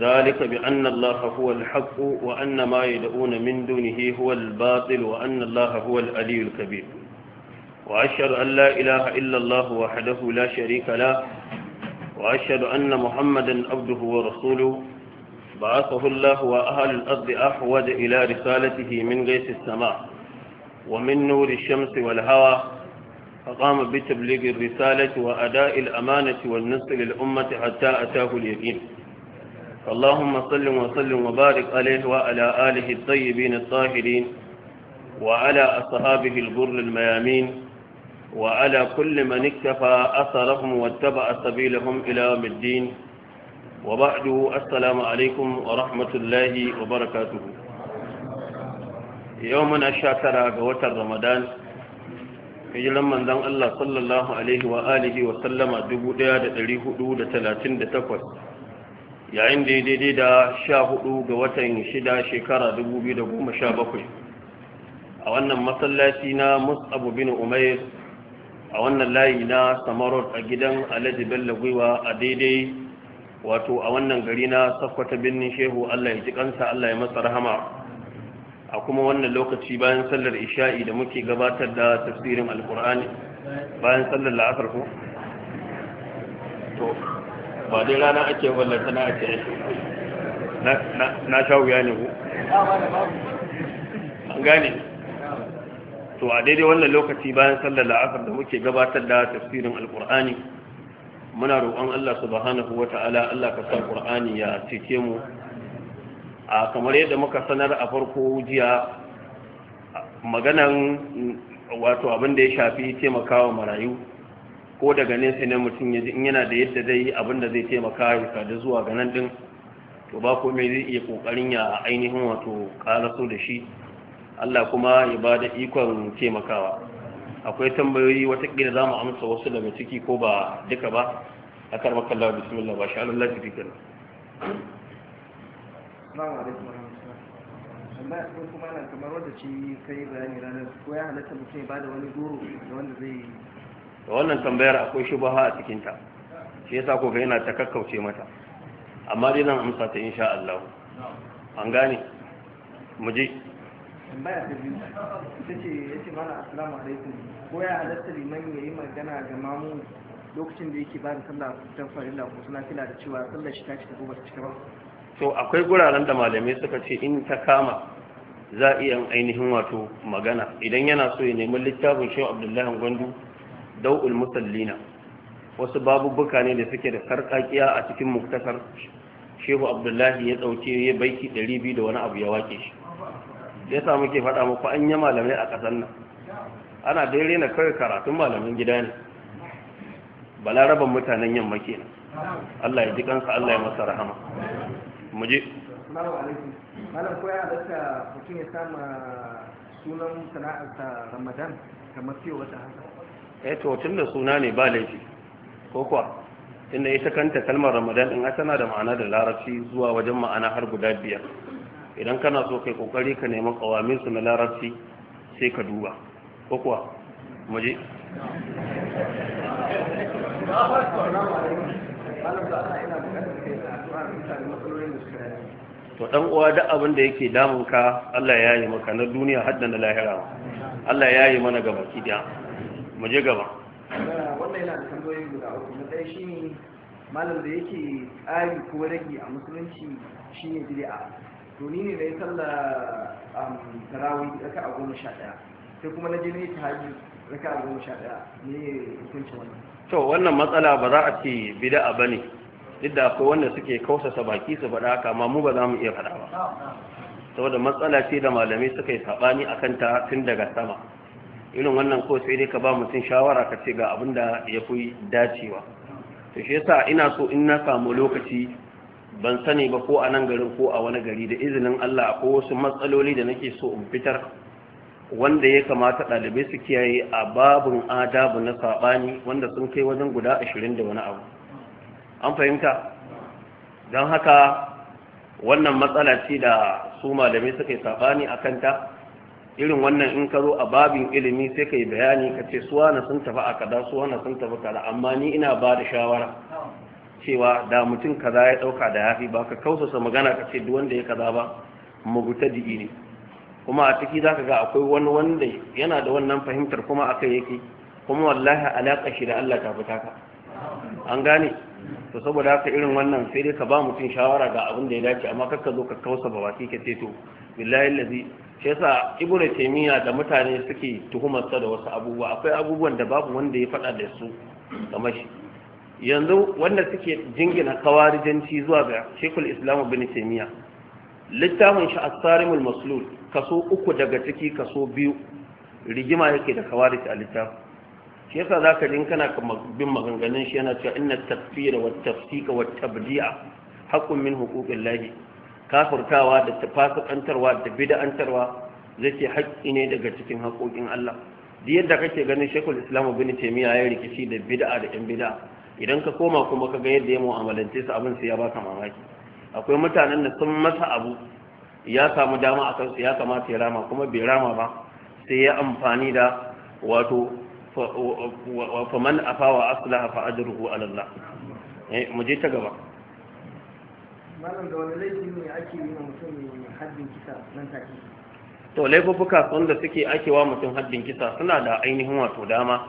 ذلك بأن الله هو الحق وأن ما يدعون من دونه هو الباطل وأن الله هو الألي الكبير وأشهد أن لا إله إلا الله وحده لا شريك له وأشهد أن محمدا عبده ورسوله بعثه الله وأهل الأرض أحوج إلى رسالته من غيث السماء ومن نور الشمس والهوى فقام بتبليغ الرسالة وأداء الأمانة والنصر للأمة حتى أتاه اليقين اللهم صل وسلم وبارك عليه وعلى آله الطيبين الطاهرين وعلى أصحابه البر الميامين وعلى كل من اكتفى أثرهم واتبع سبيلهم إلى يوم الدين وبعد السلام عليكم ورحمة الله وبركاته يومنا شاكرا قوة رمضان hijiran manzan Allah sallallahu Alaihi wa alihi wa sallama 1438 yayin da ya daidai da sha hudu ga watan shida shekara dubu biyu da goma sha bakwai a wannan masallaci na musabu bin umair a wannan layi na samarot a gidan alhaji bello gwiwa a daidai wato a wannan gari na safkwata birnin shehu allah ya ji kansa allah ya masa rahama a kuma wannan lokaci bayan sallar isha'i da muke gabatar da tafsirin alkur'ani bayan sallar la'asar ko ba dai rana ake wallata na ake na sha wuya ne ku an gane to a daidai wannan lokaci bayan sallar la'asar da muke gabatar da tafsirin alkur'ani muna roƙon Allah subhanahu wa ta'ala Allah ka sa qur'ani ya cike mu a kamar yadda muka sanar a farko jiya maganan wato abin da ya shafi taimakawa marayu ko daga nesa ne mutum ya in yana da yadda zai yi abin da zai taimaka ya da zuwa ga nan din to ba komai zai iya kokarin ya ainihin wato karaso da shi Allah kuma ya ba da ikon taimakawa akwai tambayoyi wata za mu amsa wasu daga ciki ko ba duka ba a karbar kallon bismillah ba shi Allah ta fikir amma kuma nan kamar wadda ci sai bayani ranar ko ya halatta mutum ya bada wani goro da wanda zai da wannan tambayar akwai shubaha a cikinta shi yasa ko ga yana ta kakkauce mata amma dai zan amsa ta insha Allah an gane mu je tambaya ta biyu ita ce ya ce mana assalamu alaikum ko ya halatta liman yayi magana ga mamu lokacin da yake bada sallah ta farilla ko suna kila da cewa sallar shi ta cika ko ba ta cika ba to akwai guraren da malamai suka ce in ta kama za a iya ainihin wato magana idan yana so ya nemi littafin shehu abdullahi gwandu dau'ul musallina wasu babubuka ne da suke da sarƙaƙiya a cikin muktasar shehu abdullahi ya ɗauke ya baiki ɗari biyu da wani abu ya wake shi ya sa muke faɗa muku an yi malamai a ƙasar nan ana dai rena kawai karatun malamin gida ne balaraban mutanen yamma nan Allah ya ji kansa Allah ya masa rahama mu je malam ko ya halatta mutum ya sama sunan sana'arsa ramadan kamar fiye wata haka eh tun da suna ne ba laifi ko kuwa inda ita kanta kalmar ramadan in tana da ma'ana da larabci zuwa wajen ma'ana har guda biyar idan kana so kai kokari ka nemi kawamin su na larabci sai ka duba ko kuwa mu je to dan uwa duk abin da yake damun ka Allah ya yi maka na duniya hadda na lahira Allah ya yi mana gabaki da mu je gaba wannan yana da tambayoyi guda uku na ɗaya shi ne malam da yake tsari ko rage a musulunci shi shine bid'a to ni ne da ya a um, tarawi raka a goma sha ɗaya sai kuma na jini ta hajji raka a goma sha ɗaya ne hukunci wannan to wannan matsala ba za a ce bid'a bane duk da akwai wanda suke kausasa baki su faɗa haka amma mu ba za mu iya faɗa ba saboda matsala ce da malamai suka yi saɓani akan ta tun daga sama irin wannan ko sai dai ka ba mutum shawara ka ce ga abin da ya fi dacewa to shi yasa ina so in na samu lokaci ban sani ba ko a nan garin ko a wani gari da izinin Allah ko wasu matsaloli da nake so in fitar wanda ya kamata ɗalibai su kiyaye a babin adabu na saɓani wanda sun kai wajen guda ashirin da wani abu an fahimta don haka wannan matsala ce da su malamai suka yi saɓani a kanta irin wannan in ka zo a babin ilimi sai ka yi bayani ka ce suwa na sun tafi a kada suwa na sun tafi kada amma ni ina ba da shawara cewa da mutum kaza ya dauka da yafi ba ka kausasa magana ka ce duk wanda ya kaza ba mugutadi ne kuma a ciki za ka ga akwai wani wanda yana da wannan fahimtar kuma akai yake kuma wallahi alaƙa shi da Allah ta fita ka an gane to saboda haka irin wannan sai dai ka ba mutum shawara ga abin da ya dace amma kakka zo ka kausa ba baki ka ce to billahi allazi shi yasa ibnu taymiya da mutane suke tuhumarsa da wasu abubuwa akwai abubuwan da babu wanda ya faɗa da su kamar shi yanzu wanda suke jingina kawarijanci zuwa ga shekul islamu bin taimiya littafin shi sarimul maslul kaso uku daga ciki kaso biyu rigima yake da kawarij a littafin shi yasa za ka kana bin maganganun shi yana cewa inna da wa tafsika wa tabdi'a haqqun min huquqin lahi kafurtawa da tafasukantarwa da bid'antarwa zai ce haƙƙi ne daga cikin haƙoƙin Allah duk yadda kake ganin Sheikhul Islam Ibn Taymiyyah ya rikici da bid'a da ɗan bid'a idan ka koma kuma ka ga yadda ya mu'amalance su abin sai ya baka mamaki akwai mutanen da sun masa abu ya samu dama a kansu ya kamata ya rama kuma bai rama ba sai ya amfani da wato faman afawa aslaha fa ajruhu ala Allah eh, mu je ta gaba malam da wani ne ake wa mutum kisa to laifuka wanda suke ake wa mutum haddin kisa suna da ainihin wato dama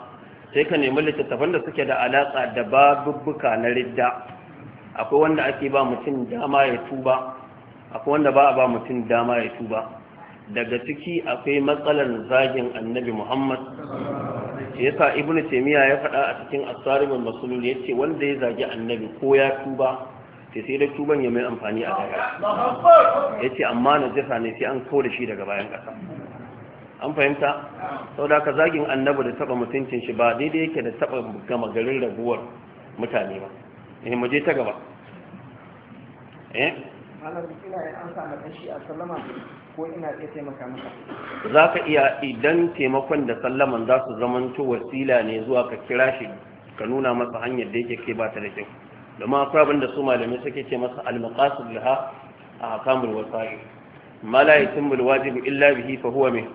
sai ka nemi littattafan da suke da alaƙa da buka na ridda akwai wanda ake ba mutum dama ya tuba akwai wanda ba a ba mutum dama ya tuba daga ciki akwai matsalar zagin annabi muhammad ya sa ibnu taimiyya ya faɗa a cikin asaribin masulul ya ce wanda ya zagi annabi ko ya tuba sai sai da tuban ya mai amfani a daga ya ce amma na jasa ne sai an kawo da shi daga bayan ƙasa an fahimta sau da ka zagin Annabu da taɓa mutuncin shi ba daidai yake da taɓa gama garin raguwar mutane ba eh mu je ta gaba eh za ka iya idan taimakon da sallaman za su zamanto wasila ne zuwa ka kira shi ka nuna masa hanyar da yake ke ba ta da kyau da ma da su malamai suke ce masa al-maqasid laha a hakamul wasa'i ma la illa bihi fa huwa mai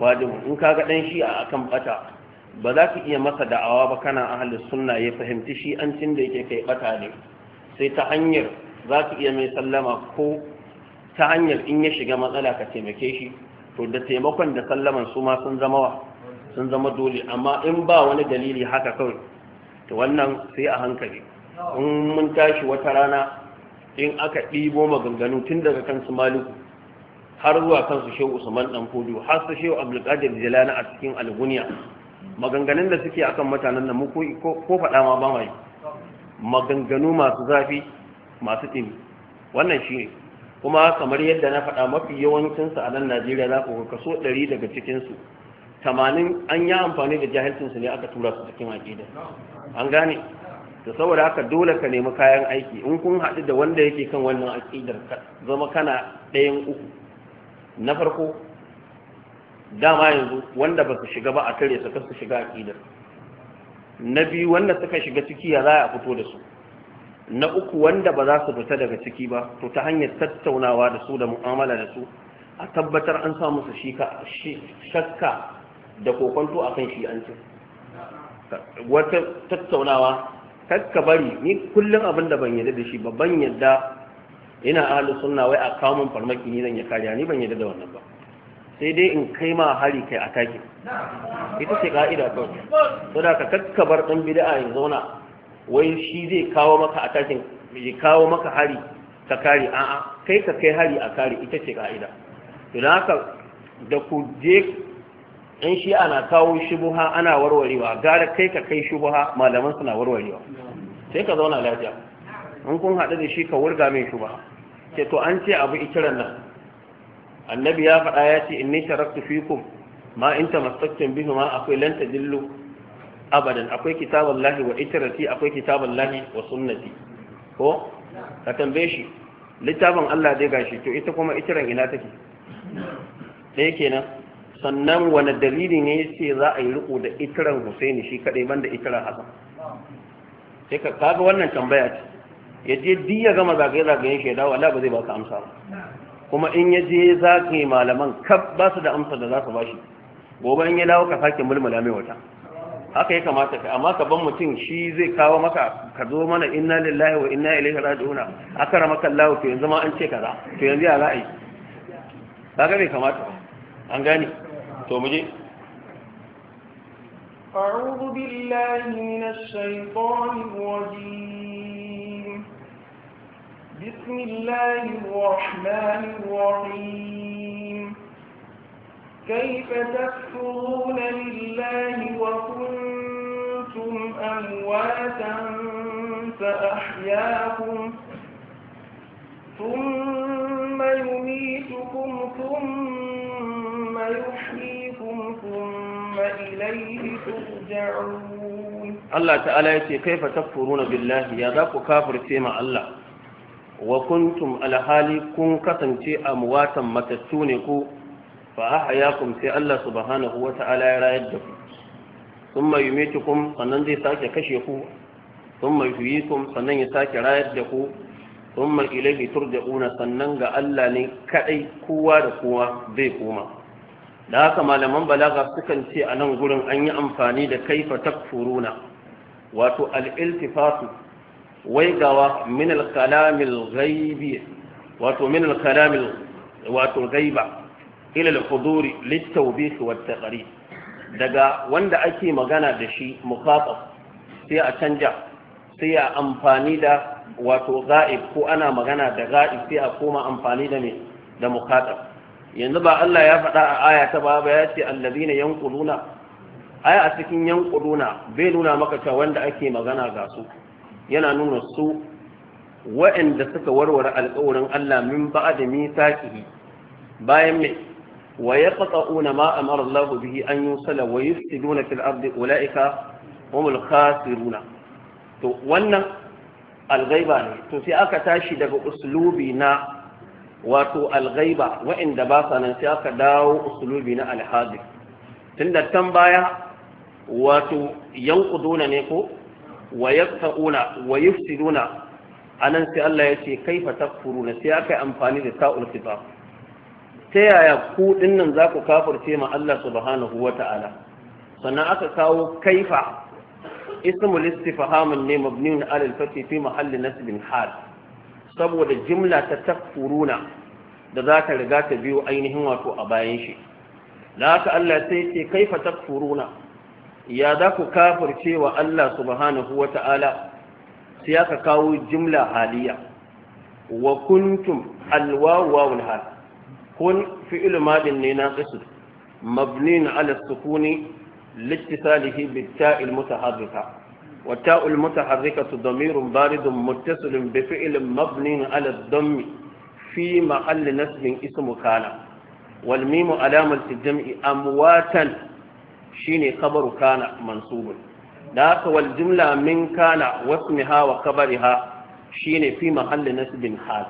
wajibu in ka dan shi a akan bata ba za ka iya masa da'awa ba kana ahli sunna ya fahimci shi an cin da yake kai bata ne sai ta hanyar za ka iya mai sallama ko ta hanyar in ya shiga matsala ka taimake shi to da taimakon da sallaman su ma sun zama sun zama dole amma in ba wani dalili haka kawai to wannan sai a hankali in mun tashi wata rana in aka ɗibo maganganu tun daga kansu maliku har zuwa kansu shehu usman dan fudu har su shehu abdulkadir jilani a cikin alguniya maganganun da suke akan mutanen nan mu ko faɗa ma ba mai maganganu masu zafi masu ɗimi wannan shi ne kuma kamar yadda na faɗa mafi yawancinsu a nan najeriya za ku kaso ɗari daga cikinsu tamanin an yi amfani da jahilcinsu ne aka tura su cikin aƙida an gane to saboda haka dole ka nemi kayan aiki in kun haɗu da wanda yake kan wannan aƙidar ka zama kana ɗayan uku na farko dama yanzu wanda ba su shiga ba a tare su kar su shiga aƙidar na biyu wanda suka shiga ciki ya za a fito da su na uku wanda ba za su fita daga ciki ba to ta hanyar tattaunawa da su da mu'amala da su a tabbatar an sa musu shakka da kokonto akan shi an ce wata tattaunawa kakka bari ni kullum abin da ban yadda da shi ba ban yadda ina ahlus sunna wai a kawo farmaki ni zan ya kariya ni ban yadda da wannan ba sai dai in kai ma hari kai ataki ita ce ka'ida kawai to da ka kakka bar dan bid'a ya zauna wai shi zai kawo maka atakin ya kawo maka hari ka kare a'a kai ka kai hari a kare ita ce ka'ida to da haka da ku je in shi ana kawo shubuha ana warwarewa gara kai ka kai shubuha malaman suna warwarewa sai ka zauna lafiya in kun haɗu da shi ka wurga mai shubuha Ke to an ce abu ikiran nan annabi ya faɗa ya ce inni sharaktu fikum ma in tamassaktum bihi ma akwai lan tadillu abadan akwai lahi wa itrati akwai lahi wa sunnati ko ka tambaye shi littafin Allah dai gashi to ita kuma itiran ina take ɗaya kenan sannan wani dalili ne ya ce za a yi riko da ikiran husaini shi kaɗai banda ikiran hasan sai ka kaga wannan tambaya ce ya je duk ya gama zagaye zagayen shaida wala ba zai baka amsa ba kuma in ya je zagaye malaman kaf ba su da amsa da za su bashi gobe in ya dawo ka sake mulmula mai wata haka ya kamata ka amma ka ban mutum shi zai kawo maka ka zo mana inna lillahi wa inna ilaihi raji'un akara maka Allah to yanzu ma an ce kaza to yanzu ya ra'ayi kaga bai kamata an gane to أعوذ بالله من الشيطان الرجيم بسم الله الرحمن الرحيم كيف تكفرون لله وكنتم أمواتا فأحياكم ثم يميتكم ثم Allah ta'ala ya ce kai fa takfuruna billahi ya za ku kafirce ma Allah wa kuntum alhali kun kasance a muwatan matattu ne ku fa ahyaakum sai Allah subhanahu wa ta'ala ya rayar da ku thumma yumitukum sannan zai sake kashe ku thumma yuhyikum sannan ya sake rayar da ku thumma ilayhi turja'una sannan ga Allah ne kadai kowa da kowa zai koma da haka malaman balaga sukan ce a nan gurin an yi amfani da kaifa takfuruna wato al-iltifatu waigawa min al gaibi ghaibi wato min al-kalamil wato ghaiba ila al-huduri lit-tawbih wat-taqrir daga wanda ake magana da shi mukhatab sai a canja sai a amfani da wato ga'ib ko ana magana da ga'ib sai a koma amfani da ne da mukhatab yanzu ba Allah ya faɗa a aya ta ba ya ce allazina yanquluna aya a cikin yanquluna bai nuna maka cewa wanda ake magana ga su yana nuna su waɗanda suka warware alƙawarin Allah min ba'da mithaqihi bayan mai wa yaqta'una ma amara Allah bihi an yusala wa yufsiduna fil ardi ulaika humul khasiruna to wannan algaiba ne to sai aka tashi daga uslubi na wato alghaiba wa'inda ba sa nan sai aka dawo usulubi na alhadis tunda tan baya wato yanquduna ne ko wa yaqtauna wa yufsiduna anan sai Allah ya ce kaifa takfuruna sai aka yi amfani da ta'ul khitab ta yaya ku nan za ku kafirce ma Allah subhanahu wa ta'ala sannan aka kawo kaifa ismul istifhamun ne mabniun alal fathi fi mahalli nasbin hal saboda jimla ta takfuruna da za ka riga ta biyo ainihin wato a bayan shi da haka Allah sai ce kaifa takfuruna ya za ku kafirce wa Allah subhanahu wa ta'ala sai aka kawo jimla haliya wa kuntum alwawawul hal kun fi'il madin ne na qisr mabnin ala sukuni littisalihi bit ta'il mutaharrika والتاء المتحركة ضمير بارد متصل بفعل مبني على الضم في محل نسب اسم كان والميم علامة الجمع أمواتا شيني خبر كان منصوب ذاك والجملة من كان واسمها وخبرها شيني في محل نسب حال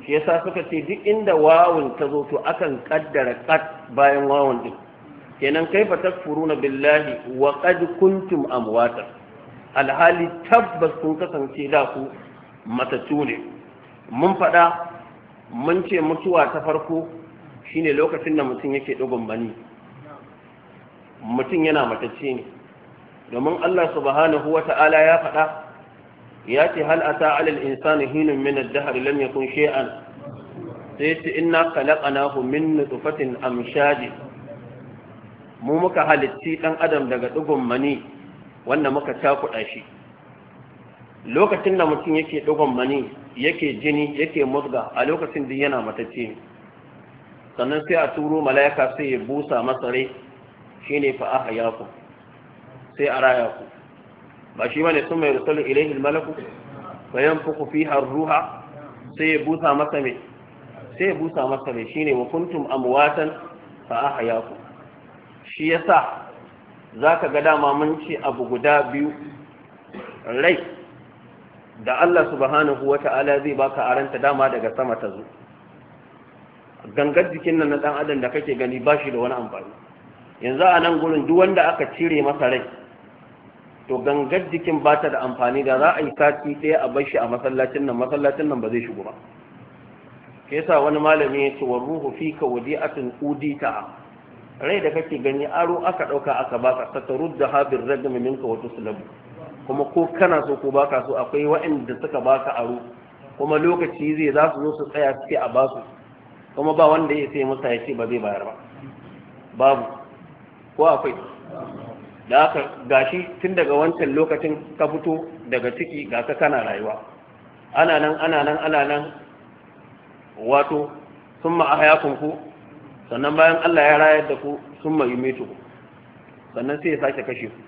shi yasa suka ce duk inda wawun ta zo to akan kaddara kat bayan wawun din kenan kaifa takfuruna billahi wa qad kuntum amwatan alhali tabbas sun kasance da ku matattu ne mun faɗa mun ce mutuwa ta farko shine lokacin da mutum yake ɗugun bani mutum yana matacce ne domin Allah subhanahu wa ta'ala ya faɗa ya ce hal ata alal insani hinun min dahar dahr lam yakun shay'an sai ce inna khalaqnahu min nutfatin amshaj mu muka halitti dan adam daga dugun mani wanda muka cakuɗa shi lokacin da mutum yake ɗigon mani yake jini yake musga a lokacin da yana matacce sannan sai a turo mala'ika sai ya busa masa rai ne fa'a a yaku, sai a raya ku ba shi bane sun mai rusalu ilayin malaku bayan fuku har ruha sai ya busa masa sai ya busa masa rai ne wa kuntum amwatan fa'a a yaku, shi sa. za ka ga dama mun ce abu guda biyu rai da Allah subhanahu wa ta'ala zai baka aranta dama daga sama ta zo gangar jikin nan na dan adam da kake gani ba shi da wani amfani yanzu a nan gurin duk wanda aka cire masa rai to gangar jikin ba ta da amfani da za a yi sati sai a bar shi a masallacin nan masallacin nan ba zai shigo ba ke yasa wani malami ya ce wa ruhu fika wadi'atun udita rai da kake gani aro aka ɗauka aka baka ta tarudda habir ragami minka wa tuslabu kuma ko kana so ko baka so akwai waɗanda suka baka aro kuma lokaci zai za su zo su tsaya suke a basu kuma ba wanda ya sai musa ya ce ba zai bayar ba babu ko akwai da aka gashi tun daga wancan lokacin ka fito daga ciki ga ka kana rayuwa ana nan ana nan ana nan wato sun ma'ahayakun ku sannan bayan Allah ya rayar da ku sun mai metu sannan sai ya sake kashe ku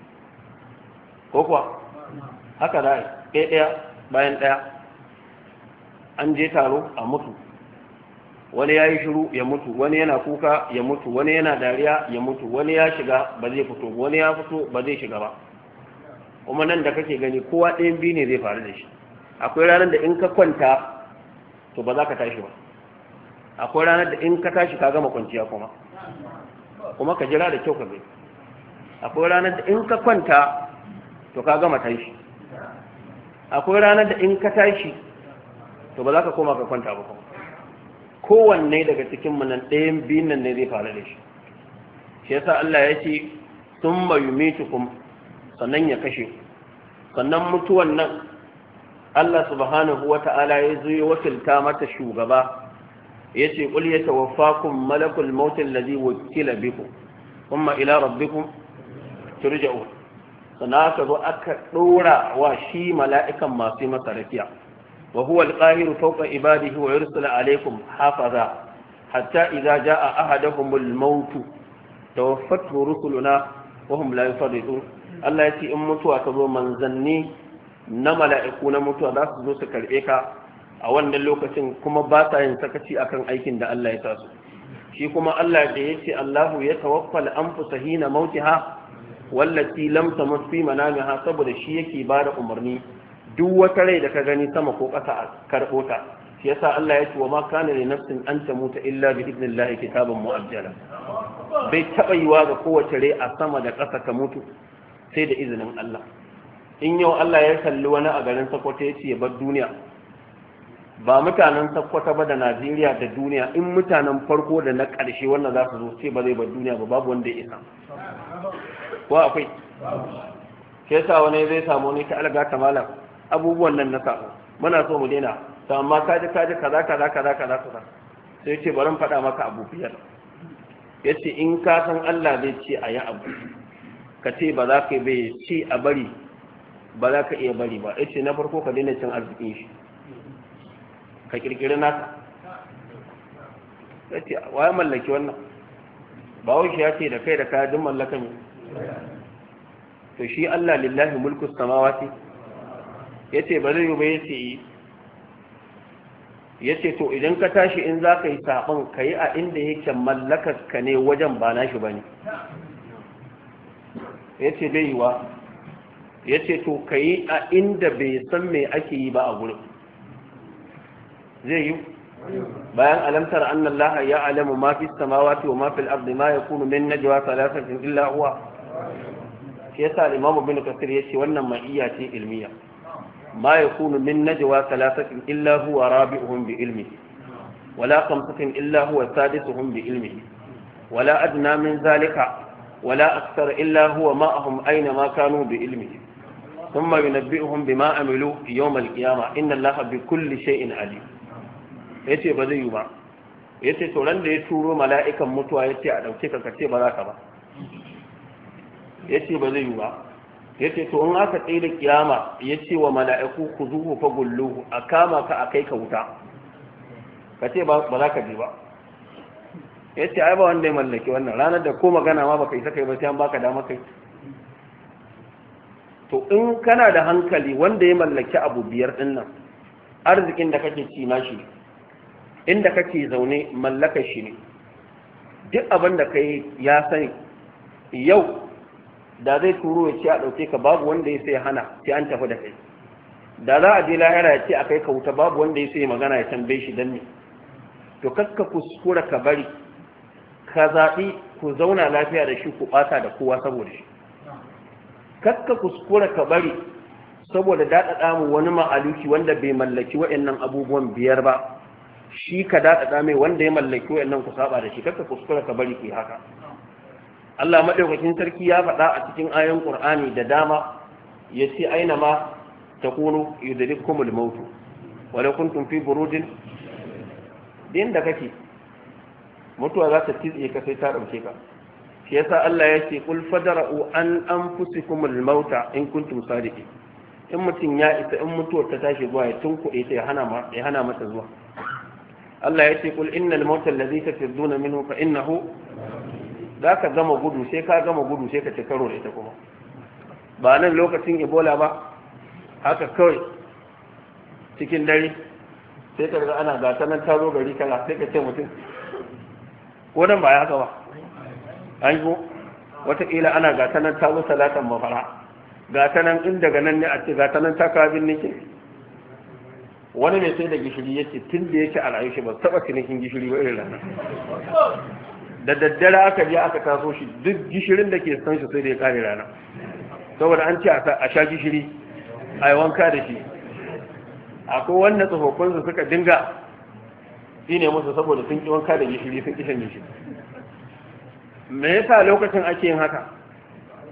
ko kuwa haka da ɗaya ɗaya bayan ɗaya an je taro a mutu wani ya yi shiru ya mutu wani yana kuka ya mutu wani yana dariya ya mutu wani ya shiga ba zai fito wani ya fito ba zai shiga ba kuma nan da kake gani kowa ɗayan biyu ne zai faru da shi akwai ranar da in ka kwanta to ba za ka tashi ba akwai ranar da in ka tashi ka gama kwanciya kuma kuma ka jira da kyau ka gani akwai ranar da in ka kwanta to ka gama tashi akwai ranar da in ka tashi to ba za ka koma ka kwanta ba kuma? kowanne daga cikin manan ɗayan biyun nan ne zai faru da shi shi yasa Allah ya ce sun bayu kuma sannan ya kashe sannan mutuwan nan Allah subhanahu wa ta'ala ya zo ya wakilta mata shugaba yace qul yatawaffakum malakul maut alladhi wukila bikum kuma ila rabbikum turja'un sannan aka zo aka dora wa shi mala'ikan masu masa rafiya wa huwa alqahiru fawqa ibadihi wa yursilu alaykum hafaza hatta idza jaa ahaduhumul maut tawaffatu rusuluna wa hum la yufarridun Allah ya ce in mutuwa ta zo manzanni na mala'iku na mutuwa za su zo su karɓe ka a wannan lokacin kuma ba sa yin sakaci akan aikin da Allah ya sa su shi kuma Allah da ce, Allahu ya tawaffal anfusa hina mautiha wallati lam tamut fi manamiha saboda shi yake bada umarni duk wata rai da ka gani sama ko ƙasa a karɓo ta shi yasa Allah ya ce wa ma kana li nafsin an tamuta illa bi idnillahi kitaban mu'ajjala bai taba yiwa ga kowace rai a sama da ƙasa ka mutu sai da izinin Allah in yau Allah ya kalli wani a garin Sokoto ya ce ya bar duniya ba mutanen sakkwata ba da najeriya da duniya in mutanen farko da na ƙarshe wannan za su zo ce ba zai bar duniya ba babu wanda ya isa ko akwai ke sa wani zai samu ne ta alga ta malam abubuwan nan na samu muna so mu daina ta amma kaji kaji kaza kaza kaza kaza kaza sai ce bari faɗa maka abu biyar yace in ka san Allah zai ce a yi abu ka ce ba za ka bai ce a bari ba za ka iya bari ba yace na farko ka daina cin arzikin shi ka kirkiri naka wa ya mallaki wannan bawo shi ya ce da kai da kaya mallaka ne to shi Allah lillahi mulku samawati yace ba zai yi ba yace yi yace to idan ka tashi in za ka yi saɓon ka yi a inda yake mallakar ka ne wajen ba nashi ba ne yace bai yi wa yace to ka yi a inda bai san me ake yi ba a gurin زي بيان ألم تر أن الله يعلم ما في السماوات وما في الأرض ما يكون من نجوى ثلاثة إلا هو كيسا الإمام ابن كثير يشي وأنما إياتي علمية ما يكون من نجوى ثلاثة إلا هو رابعهم بعلمه ولا خمسة إلا هو سادسهم بعلمه ولا أدنى من ذلك ولا أكثر إلا هو معهم أينما كانوا بعلمه ثم ينبئهم بما عملوا يوم القيامة إن الله بكل شيء عليم ya ce ba zai yi ba ya ce tsoron da ya turo mala'ikan mutuwa ya ce a ɗauke ka kace ba za ka ba ya ce ba zai yi ba ya ce to in aka tsaye da kiyama ya ce wa mala'iku ku zuhu fa gullu a kama ka a kai ka wuta ka ce ba za ka je ba ya ce ai ba wanda ya mallaki wannan ranar da ko magana ma ka isa kai ba sai an baka dama kai to in kana da hankali wanda ya mallaki abu biyar din nan arzikin da kake ci na shi inda kake zaune mallakar shi ne duk abin da kai ya sani yau da zai turo ya ce a ɗauke ka babu wanda ya sai hana sai an tafi da kai da za a je lahira ya ce a kai ka wuta babu wanda ya sai magana ya tambaye shi dan ne to kakka kuskura ka bari ka zaɓi ku zauna lafiya da shi ku ɓata da kowa saboda shi kakka kuskura ka bari saboda daɗaɗa mu wani ma'aluki wanda bai mallaki waɗannan abubuwan biyar ba shi ka daɗaɗa mai wanda ya mallaki wa'annan ku saba da shi kakka kuskura ka bari ku haka Allah maɗaukacin sarki ya faɗa a cikin ayon ƙur'ani da dama ya ce aina ma ta kuno da mautu wala kun fi burudin din da kake mutuwa za ta tize ka sai ta ɗauke ka shi yasa Allah ya ce kul fadara'u an fusi da mauta in kun kuntum ke. in mutum ya isa in mutuwar ta tashi zuwa ya tunkuɗe ta ya hana masa zuwa Allah ya ce kul innal mauta alladhi tafiduna minhu fa innahu zaka gama gudu sai ka gama gudu sai ka ci karo da ita kuma ba nan lokacin Ebola ba haka kawai cikin dare sai ka ga ana gata nan zo gari kala sai ka ce mutum ko dan ba ya haka ba an yi wataƙila ana gata nan taro salatan mafara gata nan in daga nan ne a ce gata nan ta kabin nake wani mai sai da gishiri yake tun da yake a rayu shi ba taba cinikin gishiri ba irin rana da daddare aka je aka taso shi duk gishirin da ke san shi sai da ya kare rana saboda an ce a sha gishiri a yi wanka da shi akwai wanda tsofaffin su suka dinga shi ne musu saboda sun ki wanka da gishiri sun kishin gishiri me yasa lokacin ake yin haka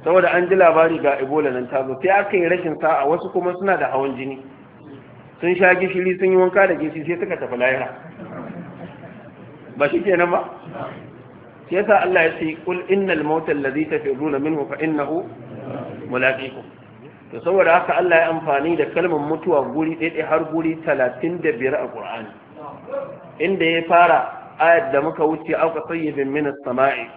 saboda an ji labari ga ebola nan ta zo sai aka yi rashin sa'a wasu kuma suna da hawan jini sun sha gishiri sun yi wanka da gishiri sai suka tafi lahira ba shi kenan ba sai yasa Allah ya ce kul innal mautal ladhi tafiruna minhu fa innahu mulaqikum to saboda haka Allah ya amfani da kalmar mutuwa guri ɗaya har guri 35 a Qur'ani inda ya fara ayat da muka wuce auka sayyibin min as-sama'i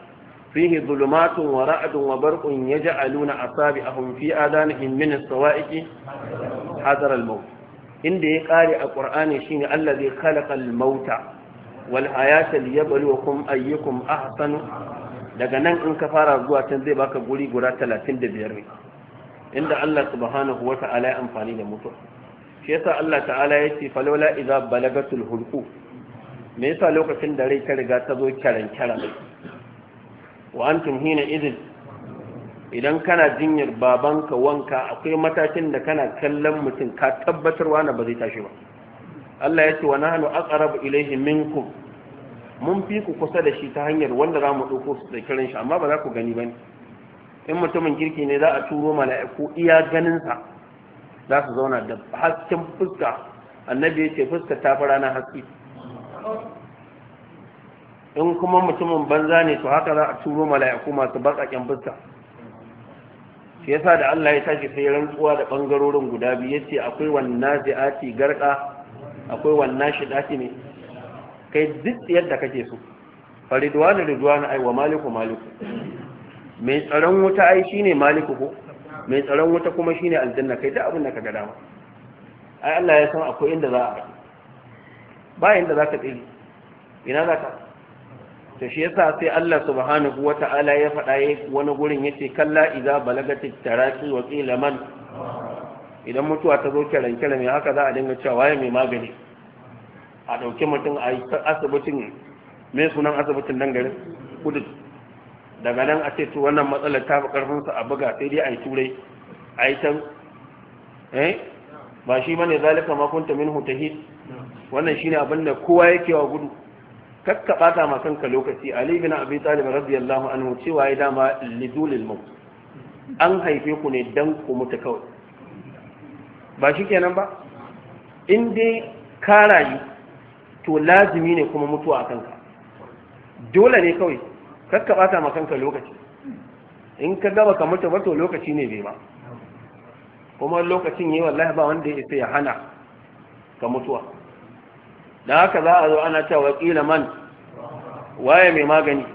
fihi dhulumatun wa ra'dun wa barqun yaj'aluna asabi'ahum fi adanihim min as-sawa'iqi hadar al-maut inda ya kare a ƙur'ani shine zai khalaqal mauta wal hayata kuma ayyukum ahsanu daga nan in ka fara zuwa can zai baka guri guda 35 ne inda Allah subhanahu ta'ala ya amfani da mutu. shi yasa Allah ta'ala ya ce falola idza balagatul hulqu me yasa lokacin da rai ta riga ta zo karan karan wa antum hina idin idan kana jinyar babanka wanka akwai matakin da kana kallon mutum ka tabbatarwa na ba zai tashi ba Allah ya ce wa nahnu aqrabu ilayhi minkum mun fi ku kusa da shi ta hanyar wanda za mu ɗauko su kiran shi amma ba za ku gani ba ne in mutumin kirki ne za a turo mala'iku iya ganinsa za su zauna da hasken fuska annabi ya ce fuska ta fi rana haske in kuma mutumin banza ne to haka za a turo mala'iku masu baƙaƙen fuska shi yasa da Allah ya tashi sai rantsuwa da bangarorin guda biyu yace akwai wannazi'ati garda akwai shi dati ne kai duk yadda kake so faridwanu ridwanu ai wa maliku maliku mai tsaron wuta ai shine maliku ko mai tsaron wuta kuma shine aljanna kai duk abin da ka ga dama ai Allah ya san akwai inda za a ba inda za ka tsiri ina za ka to shi yasa sai Allah subhanahu wata'ala ya faɗa ya wani gurin yace kalla idza balagati taraqi wa qila man idan mutuwa ta zo kiran kiran me haka za a dinga cewa waye mai magani a dauki mutum a asibitin me sunan asibitin nan garin kudu daga nan a ce to wannan matsalar ta fi karfin sa a buga sai dai a yi turai a yi tan eh ba shi bane zalika ma kunta minhu tahid wannan shine abin kowa yake wa gudu kakka bata ma kanka lokaci ali bin abi talib radiyallahu anhu cewa ya dama lidulil maut an haife ku ne dan ku mutu kawai ba shi kenan ba in dai ka rayu to lazimi ne kuma mutuwa a kanka dole ne kawai kakka bata ma kanka lokaci in ka gaba ka mutu ba to lokaci ne bai ba kuma lokacin yi wallahi ba wanda ya isa ya hana ka mutuwa da haka za a zo ana ta wakila man waye mai magani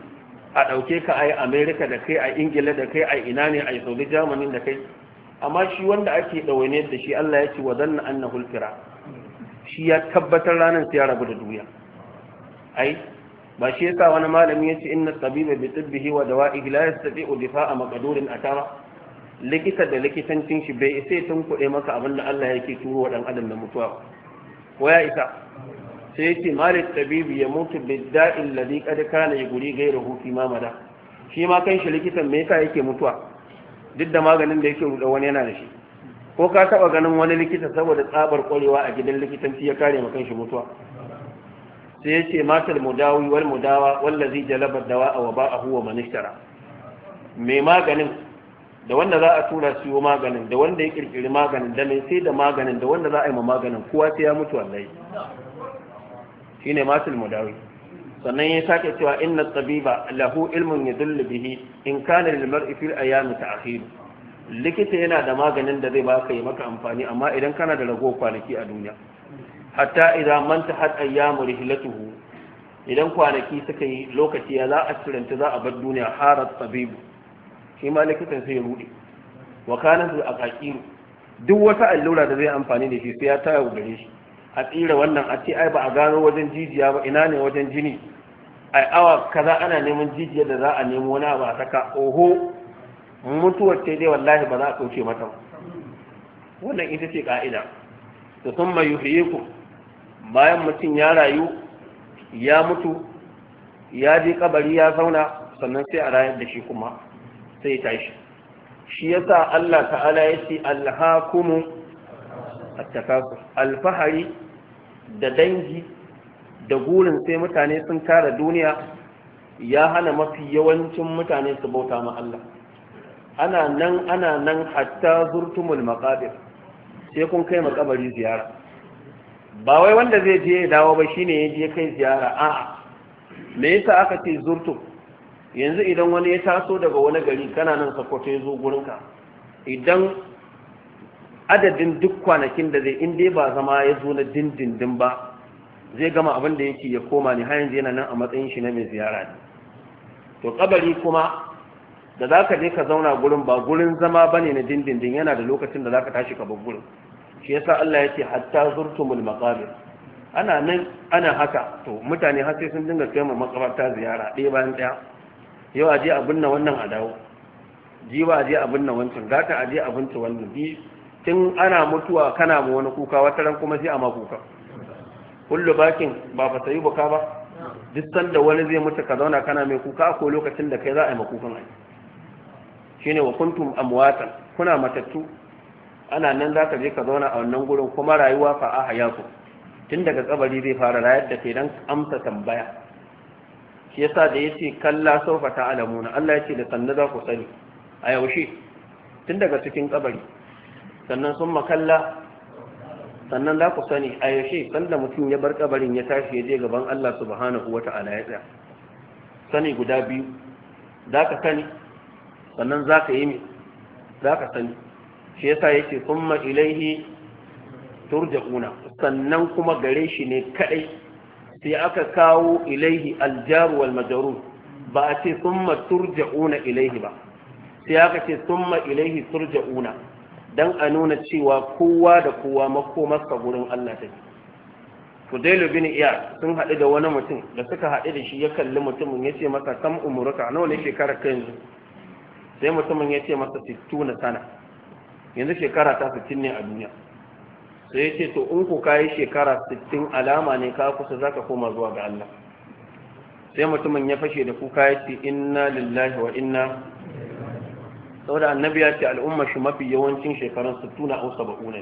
a ɗauke ka a yi amerika da kai a ingila da kai a ina ne a yi saudi germany da kai amma shi wanda ake ɗawainiyar da shi allah ya ce wa zanna an na shi ya tabbatar ranar sai ya rabu da duniya ai ba shi yasa wani malami ya ce inna tabiba bi tibbihi wa dawa'i la yastati'u difa'a maqdurin atara likita da likitancin shi bai isa tun kuɗe maka abin da Allah yake turo wa dan adam da mutuwa ko ya isa sai ce, malik tabibi ya mutu bidda'il ladhi kada kana yuri ghayruhu hufi ma mada shi ma kan shi likitan me ka yake mutuwa duk da maganin da yake ruda wani yana da shi ko ka taba ganin wani likita saboda tsabar kwarewa a gidan likitanci ya kare ma shi mutuwa sai yace matar mudawi wal mudawa wallazi dawa a wa huwa wa manishtara mai maganin da wanda za a tura siyo maganin da wanda ya kirkiri maganin da mai sai da maganin da wanda za a yi ma maganin kowa sai ya mutu wallahi Shi shine masu ilmudawi sannan ya sake cewa inna tabiba lahu ilmin ya dulli bihi in kana lil a yami ta ahiru likita yana da maganin da zai baka yi maka amfani amma idan kana da rago kwanaki a duniya hatta idan manta had ayyamu rihlatuhu idan kwanaki suka yi lokaci ya za a turanta za a bar duniya harar tabibu shi ma likitan sai ya rude wa duk wata allura da zai amfani da shi sai ya tayar gare shi a tsira wannan a ce ai ba a gano wajen jijiya ba ina ne wajen jini ai awa kaza ana neman jijiyar da za a nemo wani ba a saka oho mutuwar ce dai wallahi ba za a kauce mata ba wannan ita ce ka'ida to sun mai ku bayan mutum ya rayu ya mutu ya je kabari ya zauna sannan sai a rayar da shi kuma sai ya tashi shi yasa Allah ta'ala ya ce alhakumu attakasu alfahari da dangi da gurin sai mutane sun kara duniya ya hana mafi yawancin mutane su bauta ma Allah ana nan ana nan hatta zurtumul maqabir sai kun kai makabari ziyara ba wai wanda zai je ya dawo ba shine ya je kai ziyara a'a me yasa aka ce zurtu yanzu idan wani ya taso daga wani gari kana nan sakkwato ya zo gurinka idan adadin duk kwanakin da zai inda ba zama ya zo na dindindin ba zai gama abin da yake ya koma ne hayan yanzu yana nan a matsayin shi na mai ziyara ne to kabari kuma da za ka je ka zauna gurin ba gurin zama ba ne na dindindin yana da lokacin da za ka tashi ka bar gurin shi yasa Allah ce hatta zurtumul maqabir ana nan ana haka to mutane har sai sun dinga kai mu makabarta ziyara ɗaya bayan ɗaya yau a je a binne wannan a dawo jiwa a je a binne wancan gata a je a binne wannan bi tun ana mutuwa kana ma wani kuka wata ran kuma sai a ma kullu bakin ba fa sayi buka ba duk sanda wani zai mutu ka zauna kana mai kuka ko lokacin da kai za a yi makukan ai shine wa kuntum amwatan kuna matattu ana nan za ka je ka zauna a wannan gurin kuma rayuwa fa a hayaku tun daga kabari zai fara rayar da kai dan amsa tambaya shi yasa da yace kalla saufa ta'lamuna Allah yace da sanna za ku sani a yaushe tun daga cikin kabari sannan sun makalla sannan za ku sani a yaushe sanda mutum ya bar kabarin ya tashi ya je gaban Allah subhanahu wa ta'ala ya tsaya sani guda biyu za ka sani sannan za ka yi mai za ka sani shi yasa yake kuma ilaihi turja'una sannan kuma gare shi ne kadai sai aka kawo ilaihi aljaru wal ba a ce da turja'una ilaihi ba sai aka ce ma ilaihi turja'una dan a nuna cewa kowa da kowa makomarsa gurin Allah take Fudailu bin iya sun haɗu da wani mutum da suka haɗu da shi ya kalli mutumin ya ce masa kam umuruka nawa ne shekara ka yanzu sai mutumin ya ce masa na sana yanzu shekara ta sittin ne a duniya sai ya ce to in ku kayi shekara sittin alama ne ka kusa za ka koma zuwa ga Allah sai mutumin ya fashe da kuka ya ce inna lillahi wa inna saboda annabi ya ce al'umma shi mafi yawancin shekarun 60 au 70 ne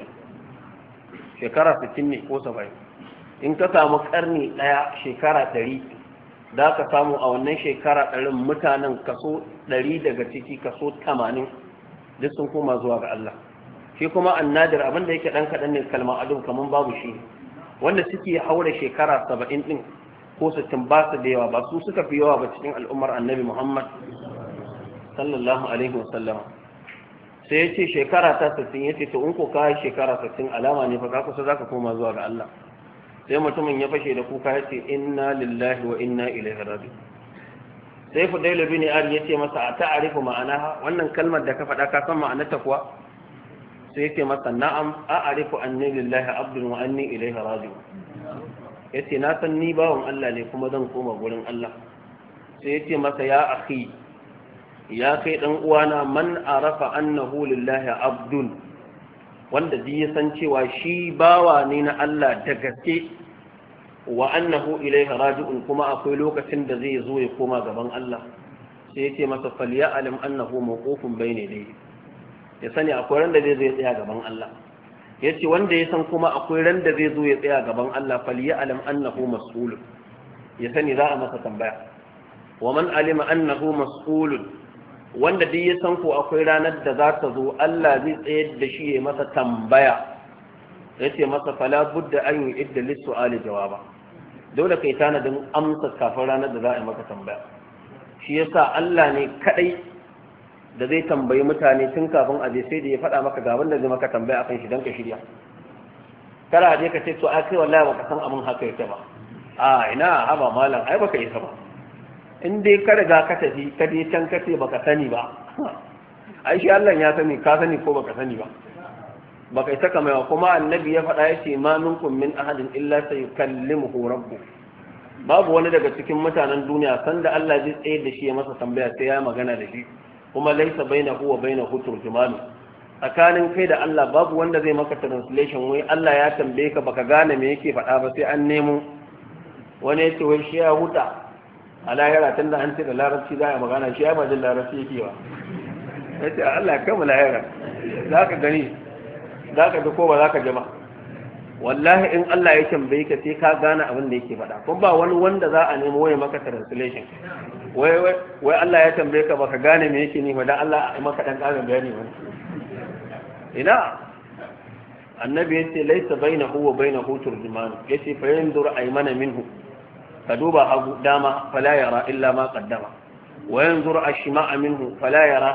shekara 60 ne ko saba'in? in ka samu karni ɗaya shekara ɗari da ka samu a wannan shekara ɗarin mutanen kaso ɗari daga ciki kaso tamanin? duk sun koma zuwa ga Allah shi kuma annadir abin da yake ɗan kaɗan ne kalma adum kaman babu shi wanda suke haura shekara saba'in ɗin ko sittin ba su da yawa ba su suka fi yawa ba cikin al'ummar annabi Muhammad sallallahu alaihi wasallam sai ya ce shekara ta sassin ya ce to in ko yi shekara sassin alama ne fa ka kusa ka koma zuwa ga Allah sai mutumin ya fashe da kuka ya ce inna lillahi wa inna ilaihi raji sai fudailu bin ar ya ce masa a ta'arifu ma'anaha wannan kalmar da ka faɗa ka san ma'anarta kuwa sai ya ce masa na'am a'arifu anni lillahi abdun wa anni ilaihi raji ya ce na san ni bawan Allah ne kuma zan koma gurin Allah sai ya ce masa ya akhi ya kai dan uwana man arafa annahu lillahi abdun wanda ji ya san cewa shi bawa ne na Allah da gaske wa annahu ilaihi raji'un kuma akwai lokacin da zai zo ya koma gaban Allah sai ya ce masa falya alim annahu mawqufun bayne dai ya sani akwai ran da zai zo ya tsaya gaban Allah ya ce wanda ya san kuma akwai ran da zai zo ya tsaya gaban Allah falya alim annahu mas'ul ya sani za a masa tambaya wa man alima annahu mas'ul wanda duk ya san ko akwai ranar da za ta zo Allah zai tsayar da shi ya masa tambaya ya ce masa fala budda an yi idda ali jawaba dole kai tanadin amsa kafin ranar da za a yi maka tambaya shi yasa Allah ne kaɗai da zai tambayi mutane tun kafin a je sai da ya faɗa maka ga wanda zai maka tambaya akan shi don ka shirya kada a je ka ce to a kai wallahi baka san abin haka yake ba a ina haba malam ai baka isa ba in dai ka riga ka tafi ka je can ka ce baka sani ba ai shi Allah ya sani ka sani ko baka sani ba baka ita kamar maiwa kuma annabi ya faɗa yace ma minkum min ahadin illa sayukallimuhu rabbu babu wani daga cikin mutanen duniya sanda Allah zai tsaye da shi ya masa tambaya sai ya magana da shi kuma laisa bainahu baina bainahu turjumanu tsakanin kai da Allah babu wanda zai maka translation wai Allah ya tambaye ka baka gane me yake faɗa ba sai an nemo wani ya ce wai shi ya huta a lahira tun da an ce da larabci za a magana shi ya ba jin larabci yake ba ya ce Allah ya kama lahira za ka gani za ka fi ko ba za ka jama wallahi in Allah ya tambaye ka sai ka gane abin da yake faɗa kuma ba wani wanda za a nemo waye maka translation wai wai Allah ya tambaye ka baka gane me yake nima dan Allah ya maka dan ƙarin bayani wani ina annabi yace laysa bainahu wa bainahu turjuman yace fa yanzur aymana minhu ka duba hagu dama fala yara illa ma qaddama wa yanzur ashma'a minhu fala yara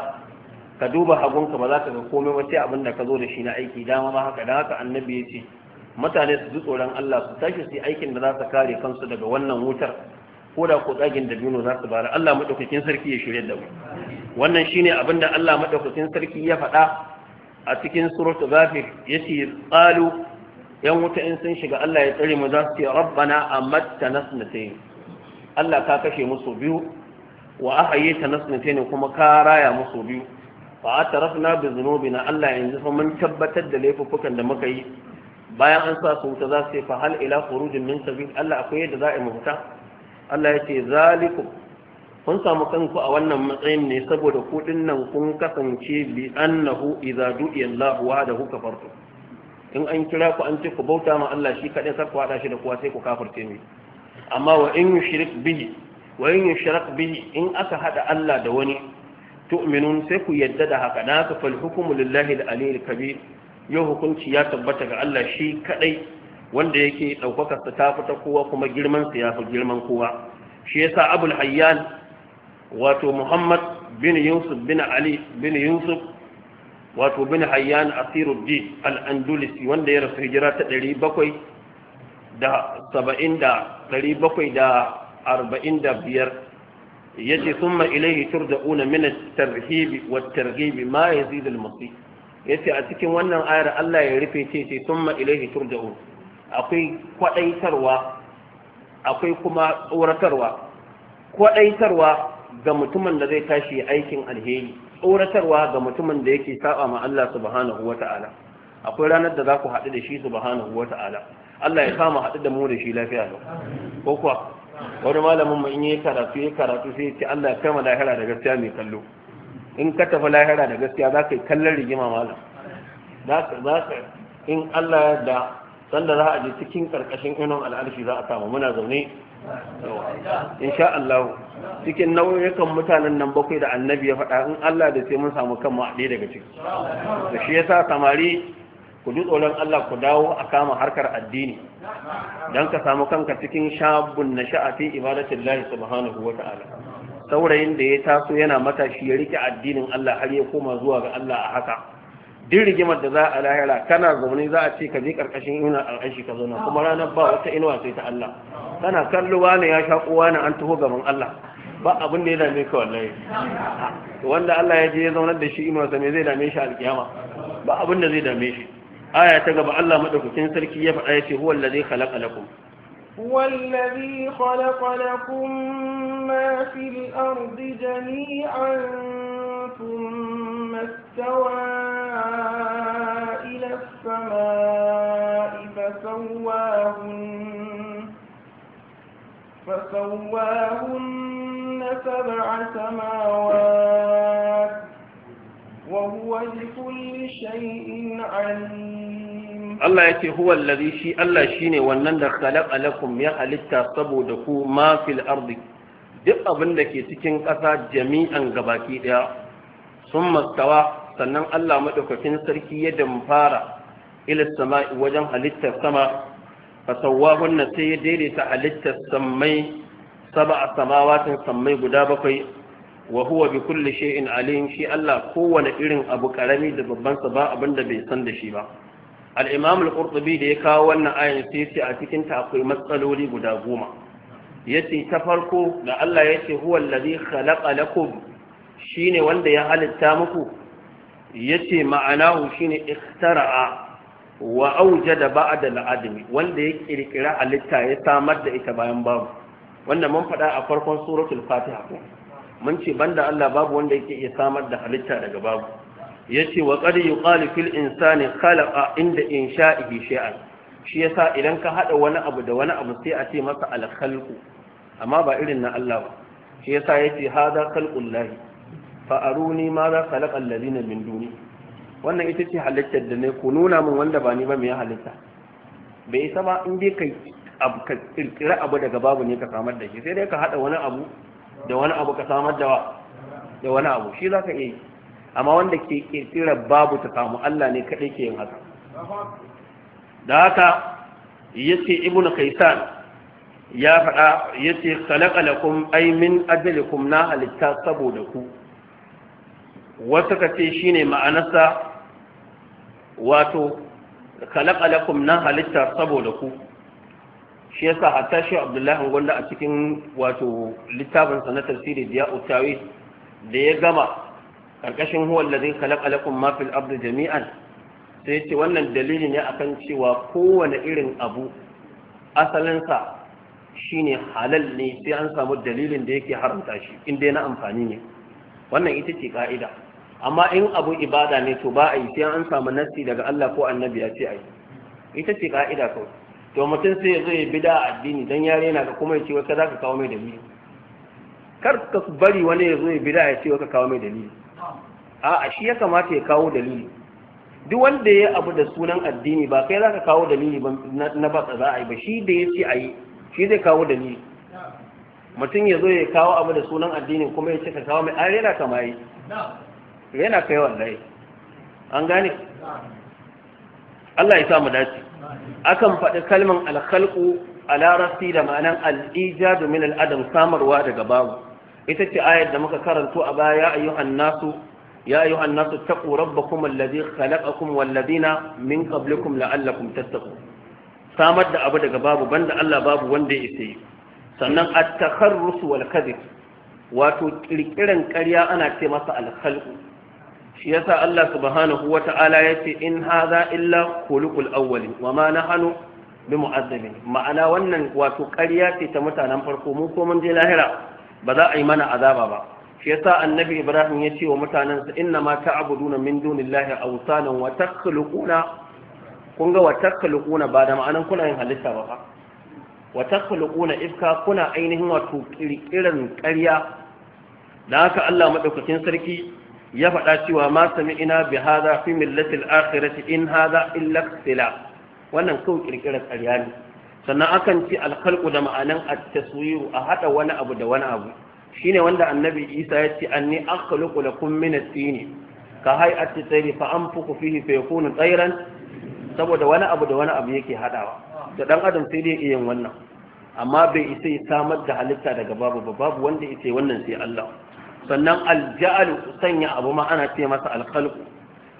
ka duba hagunka ba za ka ga komai ba sai abin da ka zo da shi na aiki dama ba haka dan haka annabi ya ce mutane su ji tsoron Allah su tashi su yi aikin da za su kare kansu daga wannan wutar ko da ko tsagin da za su bara Allah madaukakin sarki ya shirya da mu wannan shine abin da Allah madaukakin sarki ya faɗa a cikin suratul ghafir yace qalu yan wuta in sun shiga Allah ya tsare mu za su ce rabbana amatta nasnatayn Allah ka kashe musu biyu wa ahayita nasnatayn kuma ka raya musu biyu fa atrafna bi dhunubina Allah yanzu fa mun tabbatar da laifukan da muka yi bayan an sa su wuta za su ce fa hal ila khurujin min sabil Allah akwai yadda za a yi Allah ya ce zalikum kun samu kanku a wannan matsayin ne saboda kudin nan kun kasance bi annahu idza du'iya Allah wahdahu kafartum in an kira ku an ce ku bauta ma Allah shi kaɗai kar ku haɗa shi da kuwa sai ku kafirce mai amma wa in yushrik bihi wa in bihi in aka haɗa Allah da wani tu'minun sai ku yadda da haka na ka fal hukumu lillahi da aliyyil kabir yau hukunci ya tabbata ga Allah shi kaɗai wanda yake ɗaukakar ta tafi ta kowa kuma girman sa ya fi girman kowa shi yasa abul hayyan wato muhammad bin yusuf bin ali bin yusuf wato bin hayyan asiruddin al-andalusi wanda ya rasu hijira ta 700 da 70 da 745 yace thumma ilayhi turja'una min at-tarhib wat-targhib ma yazid al-masih yace a cikin wannan ayar Allah ya rufe ce ce thumma ilayhi turja'un akwai kwadaitarwa akwai kuma tsoratarwa kwadaitarwa ga mutumin da zai tashi aikin alheri tsoratarwa ga mutumin da yake saba ma Allah subhanahu wata'ala akwai ranar da za ku haɗu da shi subhanahu wata'ala Allah ya kama haɗu da mu da shi lafiya lau ko kuwa wani malamin mu in yi karatu ya karatu sai ce Allah ya kama lahira da gaskiya mai kallo in ka tafi lahira da gaskiya za ka yi kallon rigima malam za ka in Allah ya da sanda za a je cikin karkashin inon al'arshi za a samu muna zaune sha Allah cikin nau'ikan mutanen nan bakwai da annabi ya faɗa in Allah da sai mun samu kanmu a ɗaya daga ciki da shi yasa samari ku ji tsoron Allah ku dawo a kama harkar addini don ka samu kanka cikin shabun na sha'afi ibadatin lahi subhanahu wa ta'ala saurayin da ya taso yana matashi ya rike addinin Allah har ya koma zuwa ga Allah a haka duk rigimar da za a lahira kana zaune za a ce ka je karkashin inuwa al'ashi ka zauna kuma ranar ba wata inuwa sai ta Allah kana kallo wani ya sha kowa na an taho gaban Allah ba abin da ya dame ka wallahi wanda Allah ya je ya zaunar da shi inuwa sa me zai dame shi alƙiyama. ba abin da zai dame shi aya ta gaba Allah madaukakin sarki ya faɗa ya ce huwa allazi khalaqa lakum huwa allazi khalaqa lakum ما في الأرض جميعا ثم استوى إلى السماء فسواهن فسواهن سبع سماوات وهو لكل شيء عليم الله يتي هو الذي شيء الله شيني ونندخ لكم يا خالد تصبوا دكو ما في الأرض duk abin da ke cikin ƙasa jami'an gabaki ɗaya sun mastawa sannan Allah maɗaukakin sarki ya damfara ilis sama wajen halittar sama fasawahun na sai ya daidaita halittar sammai saba a samawatin sammai guda bakwai wa huwa bi kulli shay'in alim shi Allah kowane irin abu karami da babban sa ba abin da bai san da shi ba al-imam al-qurtubi da ya kawo wannan ayin sai a cikin ta akwai matsaloli guda goma yace ta farko da Allah yace huwa allazi khalaqa lakum shine wanda ya halitta muku yace ma'anahu shine ikhtara'a wa awjada ba'da al-adami wanda ya kirkira halitta ya samar da ita bayan babu wanda mun faɗa a farkon suratul fatiha ko mun ce banda Allah babu wanda yake iya samar da halitta daga babu yace wa qad yuqalu fil insani khalaqa inda insha'ihi shay'an shi yasa idan ka hada wani abu da wani abu sai a ce masa al amma ba irin na Allah ba shi yasa yace hada khalqul lahi fa aruni ma za khalaqa alladhina min duni wannan ita ce halittar da ne ku nuna min wanda ba ni ba me ya halitta bai isa ba in dai kai abu ka kirkira abu daga babu ne ka samar da shi sai dai ka hada wani abu da wani abu ka samar da wa da wani abu shi zaka iya yi amma wanda ke kirkira babu ta samu Allah ne kadai ke yin haka da haka yace ibnu kaisan ya faɗa ya ce kalakalakun aimin ajalikun na halitta saboda ku wasu ka ce shi ne ma'anarsa wato kalakalakun na halitta saboda ku shi yasa a tashi abdullahi gwanda a cikin wato littafinsa na tafsiri diya utawi da ya gama ƙarƙashin da zai kalakalakun mafil abdu jami'an sai ce wannan dalili ne akan cewa kowane irin abu asalinsa ne halal ne sai an samu dalilin da yake haramta shi inda na amfani ne wannan ita ce ka'ida amma in abu ibada ne to ba a yi sai an samu nassi daga Allah ko annabi ya ce a yi ita ce ka'ida kawai to mutum sai ya zo ya bida addini dan yare yana ga kuma ya ce wata za ka kawo mai dalili kar ka bari wani ya zo ya bida ya ce wata kawo mai dalili a'a shi ya kamata ya kawo dalili duk wanda ya abu da sunan addini ba kai za ka kawo dalili na ba za a yi ba shi da ya ce a yi shi zai kawo ni. mutum ya zo ya kawo abu da sunan addini kuma ya ce ka kawo mai ai yana kama yi yana kai wallahi an gane Allah ya sa mu dace akan faɗi kalman alkhalqu a larabci da ma'anan al'ijadu min al'adam samarwa daga babu ita ce ayar da muka karanto a baya ya ayyuhan nasu ya ayyuhan nasu taqu rabbakum allazi khalaqakum wal ladina min qablikum la'allakum tattaqun samar da abu daga babu banda Allah babu wanda ya isa yi sannan at-takharrus wal wato kirkiran ƙarya ana ce masa al shi ya sa Allah subhanahu wata'ala ce in hadha illa kulukul awwalin wa ma hannu bi mu'azzabin ma'ana wannan wato ƙarya ce ta mutanen farko mu ko mun je lahira ba za a yi mana azaba ba shi yasa annabi ibrahim ya ce wa mutanensa inna ma ta'buduna min dunillahi awsanan wa takhluquna kun ga watakhluquna ba da ma'anin kuna yin halitta ba fa watakhluquna ifka kuna ainihin wato kirkiran ƙarya da haka Allah madaukakin sarki ya faɗa cewa ma sami'ina bi hadha fi millati al-akhirati in hadha illa ikhtilaf wannan kawai kirkiran ƙarya ne sannan akan ci alkhalqu da ma'anan at-taswiru a hada wani abu da wani abu shine wanda annabi Isa ya ce anni akhluqu lakum min at-tin ka hay'ati tayri fa an fihi fa yakunu tayran saboda wani abu da wani abu yake haɗawa da ɗan adam sai dai iya wannan amma bai isa ya samar da halitta daga babu ba babu wanda ita wannan sai Allah sannan alja'alu sanya abu ma ana ce masa alkhalqu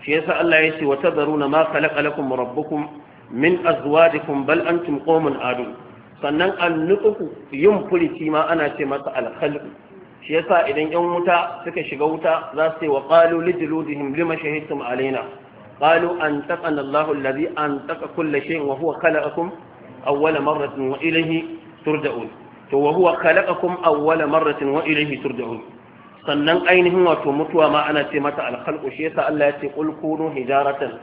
shi yasa Allah ya ce wa tadharuna ma khalaqa lakum rabbukum min azwajikum bal antum qawmun adun sannan annuku yin furici ma ana ce masa alkhalqu shi yasa idan yan wuta suka shiga wuta za su yi wa qalu lijludihim lima shahidtum alaina قالوا أنتقنا الله الذي أنتق كل شيء وهو خلقكم أول مرة وإليه ترجعون وهو خلقكم أول مرة وإليه ترجعون sannan ainihin wato mutuwa ma ana ce mata alkhalqu shi yasa Allah ya ce qul kunu hijaratan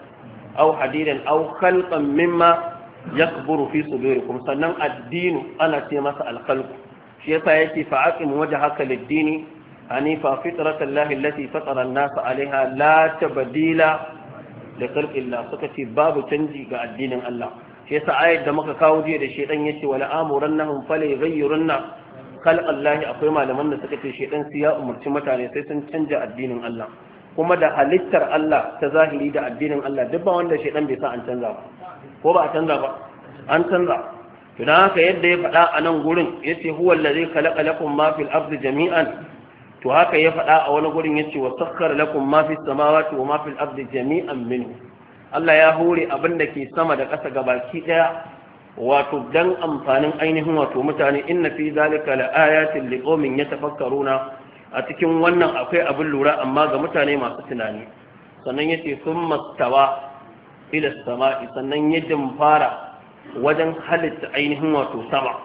aw hadidan aw khalqan mimma yakburu fi sudurikum sannan addinu ana ce masa alkhalqu shi yasa yake fa aqim wajhaka lid-dini hanifa fitratallahi allati fatara an-nasa 'alayha la tabdila da khalqillah suka ce babu canji ga addinin Allah shi yasa ayat da muka kawo jiya da shedan yace wala amurannahum fala yughayyirunna khalqallahi akwai malaman da suka ce shedan su ya umurci mutane sai sun canja addinin Allah kuma da halittar Allah ta zahiri da addinin Allah duk ba wanda shedan bai sa an canza ba ko ba a canza ba an canza to haka yadda ya faɗa a nan gurin yace huwa allazi khalaqa lakum ma fil ardi jami'an to haka ya faɗa a wani gurin yace wa sakhkhara lakum ma fis samawati wa ma jami'an minhu Allah ya hore abin da ke sama da ƙasa baki ɗaya wato dan amfanin ainihin wato mutane inna fi zalika la ayatin liqaumin yatafakkaruna a cikin wannan akwai abin lura amma ga mutane masu tunani sannan ya ce sun mastawa ila sama'i sannan ya fara wajen halitta ainihin wato sama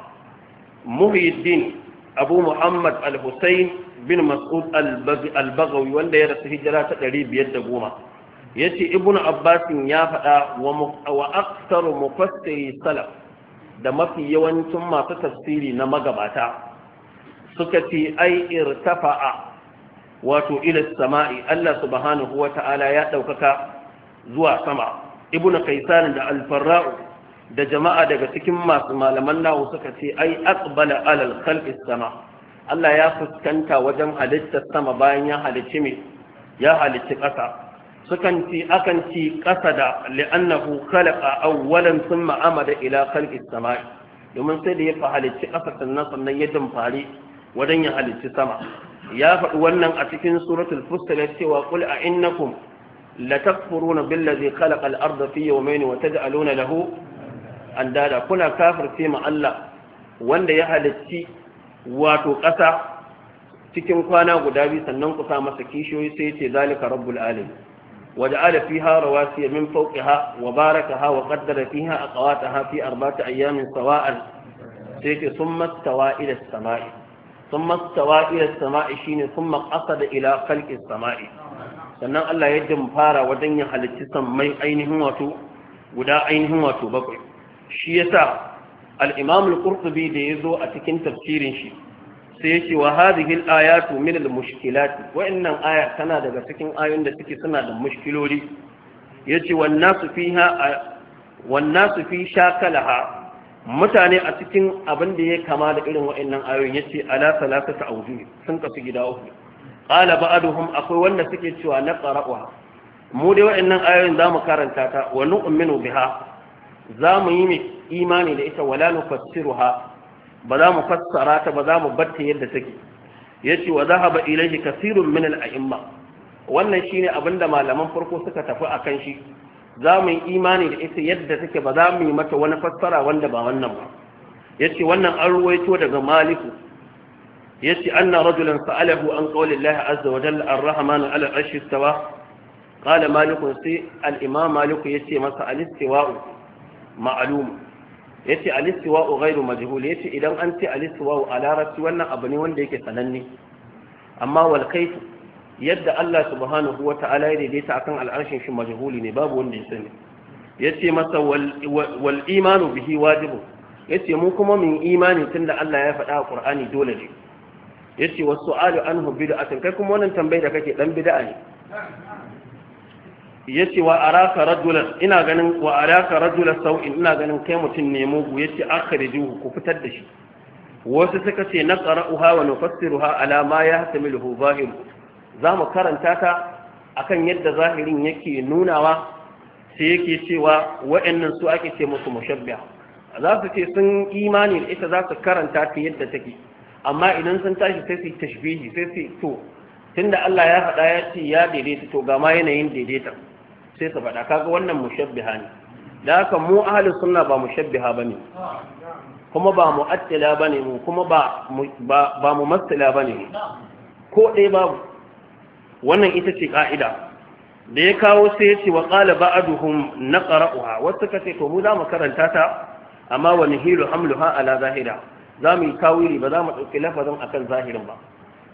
muhyiddin abu muhammad al-husayn bin mas'ud al wanda ya rasu hijira ta 510 yace ibnu abbas ya faɗa wa aktsaru mufassiri salaf da mafi yawancin masu tafsiri na magabata suka ce ai irtafa'a wato ila sama'i Allah subhanahu wata'ala ya daukaka zuwa sama ibnu kaisan da al-farra'u da jama'a daga cikin masu malaman nawo suka ce ai aqbala alal khalqis sama' Allah ya fuskanta wajen halittar sama bayan ya halicci mai ya halicci ƙasa sukan ci akan ci ƙasa da li'annahu khalaqa awwalan thumma amada ila khalqis samai domin sai da ya fa halicci ƙasa sannan sannan ya dumfari wajen ya halicci sama ya faɗi wannan a cikin suratul fussilat cewa qul a innakum latakfuruna billazi khalaqa al-ardha fi yawmayn wa taj'aluna lahu andada kuna kafir ma Allah wanda ya halicci wato ƙasa cikin kwana guda biyu sannan ku sa masa kishiyoyi sai ce zalika rabbul alim wa ja'ala fiha rawasiya min fawqiha wa barakaha wa qaddara fiha aqwataha fi arba'ati ayyamin sawa'an sai ce summa tawa ila samai summa tawa ila samai shine summa qasada ila khalqis samai sannan Allah ya fara wajen ya halicci sammai ainihin wato guda ainihin wato bakwai shi yasa al-imam da ya zo a cikin tafsirin shi sai yace wa hadhihi al-ayatu min al-mushkilat wa'annan aya tana daga cikin ayoyin da suke suna da mushkiloli yace wan nasu fiha wan nasu fi shakalaha mutane a cikin abin da ya kama da irin wa'annan ayoyin yace ala salatata awjuh sun kasu gida uku qala ba'aduhum akwai wanda suke cewa na qara'uha mu dai wa'annan ayoyin zamu karanta ta wa nu'minu biha za mu yi mai imani da ita wala ha? ba za mu fassara ta ba za mu batta yadda take ce wa zahaba ilayhi kathirun min al-a'imma wannan shine abinda malaman farko suka tafi akan shi za mu yi imani da ita yadda take ba za mu yi mata wani fassara wanda ba wannan ba ce wannan an ruwaito daga maliku an anna rajulan sa'alahu an qawli Allah azza wa jalla ar-rahman 'ala al-'arshi qala maliku sai al-imam maliku ce masa alistiwa'u ma'alum yace al-istiwa'u ghairu majhul yace idan an ce al-istiwa'u a wannan abu ne wanda yake sananne amma wal kayf yadda Allah subhanahu wa ta'ala ya daidaita akan al'arshin shi majhuli ne babu wanda ya sani yace masa wal imanu bihi wajibu yace mu kuma min imani tunda Allah ya faɗa a Qur'ani dole ne yace wasu alu anhu bid'atun kai kuma wannan tambayar da kake dan bid'a ne yace wa araka rajulan ina ganin wa araka rajulan sau'in ina ganin kai mutum ne mugu yace akhrijuhu ku fitar da shi wasu suka ce na qara'uha wa nufassiruha ala ma yahtamiluhu zahir za mu karanta ta akan yadda zahirin yake nunawa sai yake cewa wa'annan su ake ce musu mushabbiha za su ce sun imani da ita za su karanta ta yadda take amma idan sun tashi sai su tashbihi sai su to tunda Allah ya faɗa ya ce ya daidaita to ga ma yanayin daidaita sai su faɗa kaga wannan mushabbiha ne da haka mu ahli sunna ba mushabbiha bane kuma ba mu'attila bane mu kuma ba ba mu matsila bane ko ɗaya babu wannan ita ce ka'ida da ya kawo sai ya ce wa qala ba'duhum naqra'uha wasu kace to mu za mu karanta ta amma wa nihilu hamluha ala zahira za mu yi tawili ba za mu ɗauki lafazin akan zahirin ba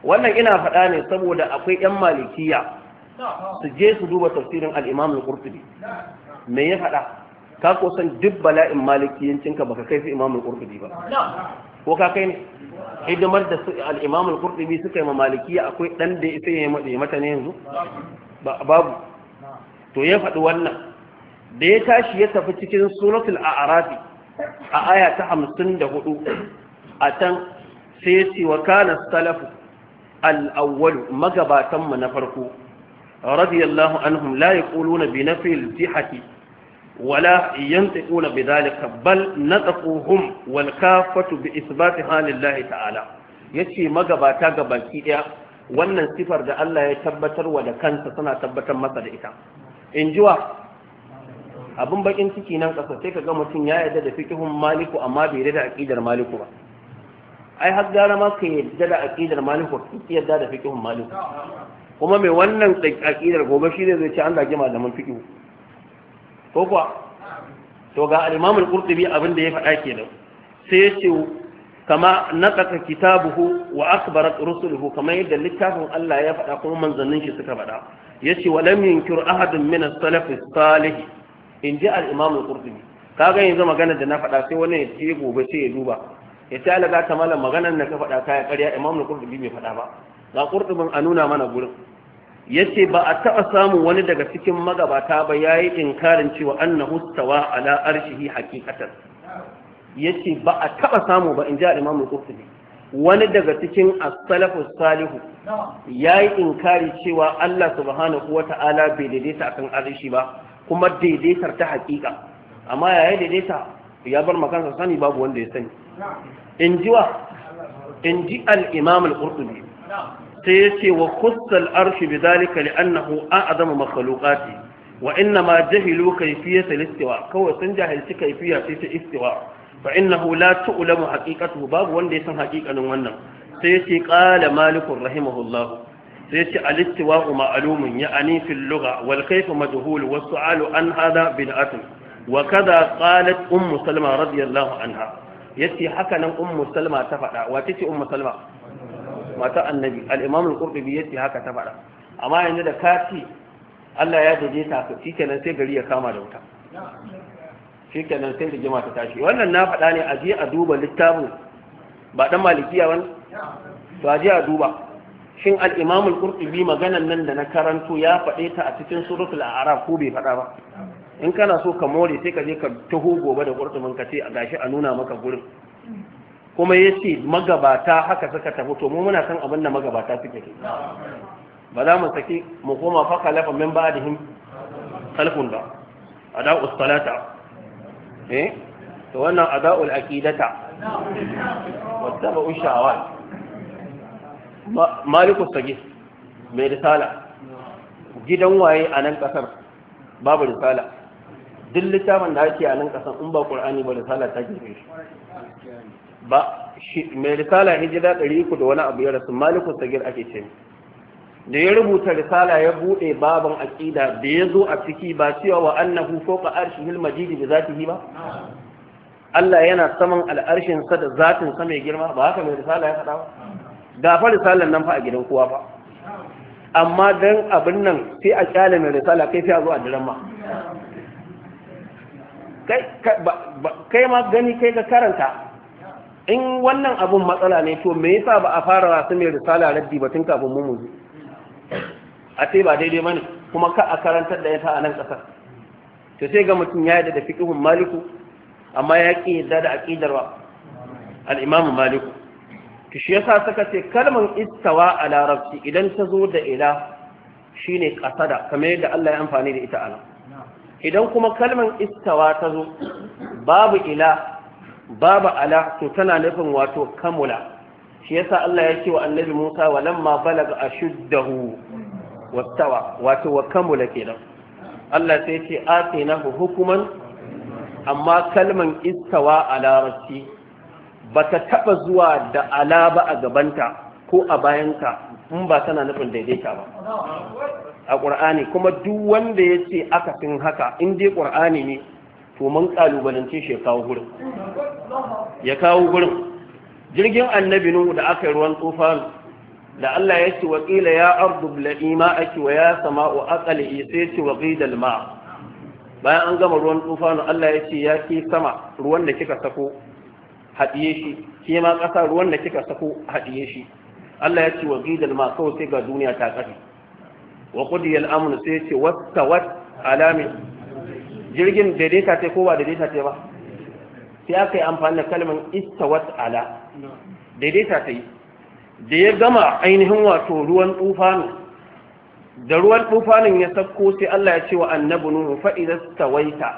wannan ina faɗa ne saboda akwai 'yan malikiya su je su duba tafsirin al-imam al me ya faɗa ka ko san duk bala'in malikiyancin ka baka kai su imam al ba ko ka kai ne hidimar da su al-imam al-qurtubi suka yi malikiya akwai dan da isa ya mata ne yanzu babu to ya faɗi wannan da ya tashi ya tafi cikin suratul a'rafi a aya ta 54 a can sai ya ce wa kana salafu al-awwal magabatan mu na farko radiyallahu anhum la yaquluna bi nafi al-jihati ولا ينطقون بذلك بل نطقوهم والكافة بإثباتها لله تعالى yace magabata ga baki wannan sifar da Allah ya tabbatar wa da kansa suna tabbatar masa da ita in jiwa abin bakin ciki nan ƙasa sai kaga mutum ya yarda da fiqhun maliku amma bai yarda da aqidar maliku ba ai har gara ma ka yarda da aqidar maliku ki yarda da fiqhun maliku kuma mai wannan aƙidar gobe shi ne zai ce an zage malaman fiƙi ko kuwa to ga al qurtubi abin da ya faɗa kenan sai ya ce kama naqata kitabuhu wa akbarat rusuluhu kamar yadda littafin Allah ya faɗa kuma manzannin shi suka faɗa yace wa lam yunkir ahadun min as-salaf as-salih inji al-imamul qurtubi kaga yanzu magana da na faɗa sai wani ya ce gobe sai ya duba ya ce alaga ta malam maganar da ka faɗa kaya ƙarya imam na bai faɗa ba ga kurɗubin a nuna mana gurin yace ba a taɓa samun wani daga cikin magabata ba ya yi inkarin cewa na stawa ala arshihi ya yace ba a taɓa samu ba in ji al-imam al wani daga cikin Asalafu salihu ya yi inkari cewa Allah subhanahu ta'ala bai daidaita akan arshi ba kuma daidaitar ta hakika amma ya daidaita ya bar makansa sani babu wanda ya sani in ji wa in ji sai ya ce wa khussal arshi bi zalika li annahu a'zamu makhluqati wa inna ma jahilu kayfiyat al-istiwa kawai sun jahilci kayfiya sai ta istiwa fa innahu la tu'lamu haqiqatuhu babu wanda ya san haqiqanin wannan sai ya ce qala malikun rahimahullah sai ya ce al-istiwa ma'lumun ya'ani fil lugha wal kayfu majhul wa su'alu an hada bid'atun wa kada qalat ummu salma radiyallahu anha yace haka nan ummu salma ta faɗa wace ce ummu salma mata annabi al-imam al-qurtubi yace haka ta faɗa amma yanzu da kati, Allah ya daje ta shikenan sai gari ya kama da wuta shikenan sai rigima ta tashi wannan na faɗa ne a je a duba littafin ba dan malikiya wani to a a duba shin al-imam al-qurtubi maganan nan da na karanto ya faɗe ta a cikin suratul a'raf ko bai faɗa ba in kana so ka more sai ka je ka taho gobe da qurtubin ka ce a gashi a nuna maka gurin kuma ya ce magabata haka suka tafi to mu muna san abin da magabata suke ke ba za mu saki mu koma fa lafa min ba ba'dihim khalfun ba ada'u salata eh to wannan ada'u al ba wattaba'u shahawat maliku sagis mai risala gidan waye a nan kasar babu risala duk littafin da ake a nan kasar in ba qur'ani ba risala ta gefe ba mai risala hijira ɗari uku da wani abu ya rasu malikun sagir ake ce da ya rubuta risala ya buɗe baban aƙida da ya zo a ciki ba cewa wa annahu fawqa hil majidi bi yi ba Allah yana saman al'arshin sa da zatin sa mai girma ba haka mai risala ya faɗa ba da fa risalan nan fa a gidan kowa ba amma dan abin nan sai a kyale mai risala kai sai a zo a diran ma kai ma gani kai ka karanta in wannan abun matsala ne to me yasa ba a fara wasu mai risala raddi ba tun kafin mu muzu a ce ba daidai bane kuma ka a karantar da yasa a nan kasar to sai ga mutum ya yi da fiqhun maliku amma ya ki yadda da aqidar wa al-imam maliku to shi yasa saka ce kalman istawa a larabci idan ta zo da ila shine kasada kamar yadda Allah ya amfani da ita ala. idan kuma kalman istawa ta zo babu ila babu ala to tana nufin wato kamula shi yasa Allah ya ce wa annabi Musa walamma balaga ashuddahu wastawa wato wa kamula kenan Allah sai ce atinahu hukuman amma kalman istawa ala larabci ba ta taba zuwa da ala ba a gabanta ko a bayanta in ba tana nufin daidaita ba a ƙur'ani kuma duk wanda ya ce fin haka in dai ƙur'ani ne to mun kalubalance shi ya kawo gurin ya kawo gurin jirgin annabi nuhu da aka yi ruwan tsufa da Allah ya ce wakila ya ardu la'ima ake wa ya sama'u aqali sai ce wa qidal ma bayan an gama ruwan tufanu Allah ya ce ya ke sama ruwan da kika sako haɗiye shi ke ma ƙasa ruwan da kika sako haɗiye shi Allah ya ce wa qidal ma kawai sai ga duniya ta ƙafi wa qudiya al-amru sai ya ce wattawat alamin jirgin daidaita ce ko ba daidaita ce ba sai aka yi amfani da kalmar istawat ala daidaita ta yi da ya gama ainihin wato ruwan tufanin da ruwan tufanin ya sakko sai Allah ya ce wa annabi nuhu fa idza stawaita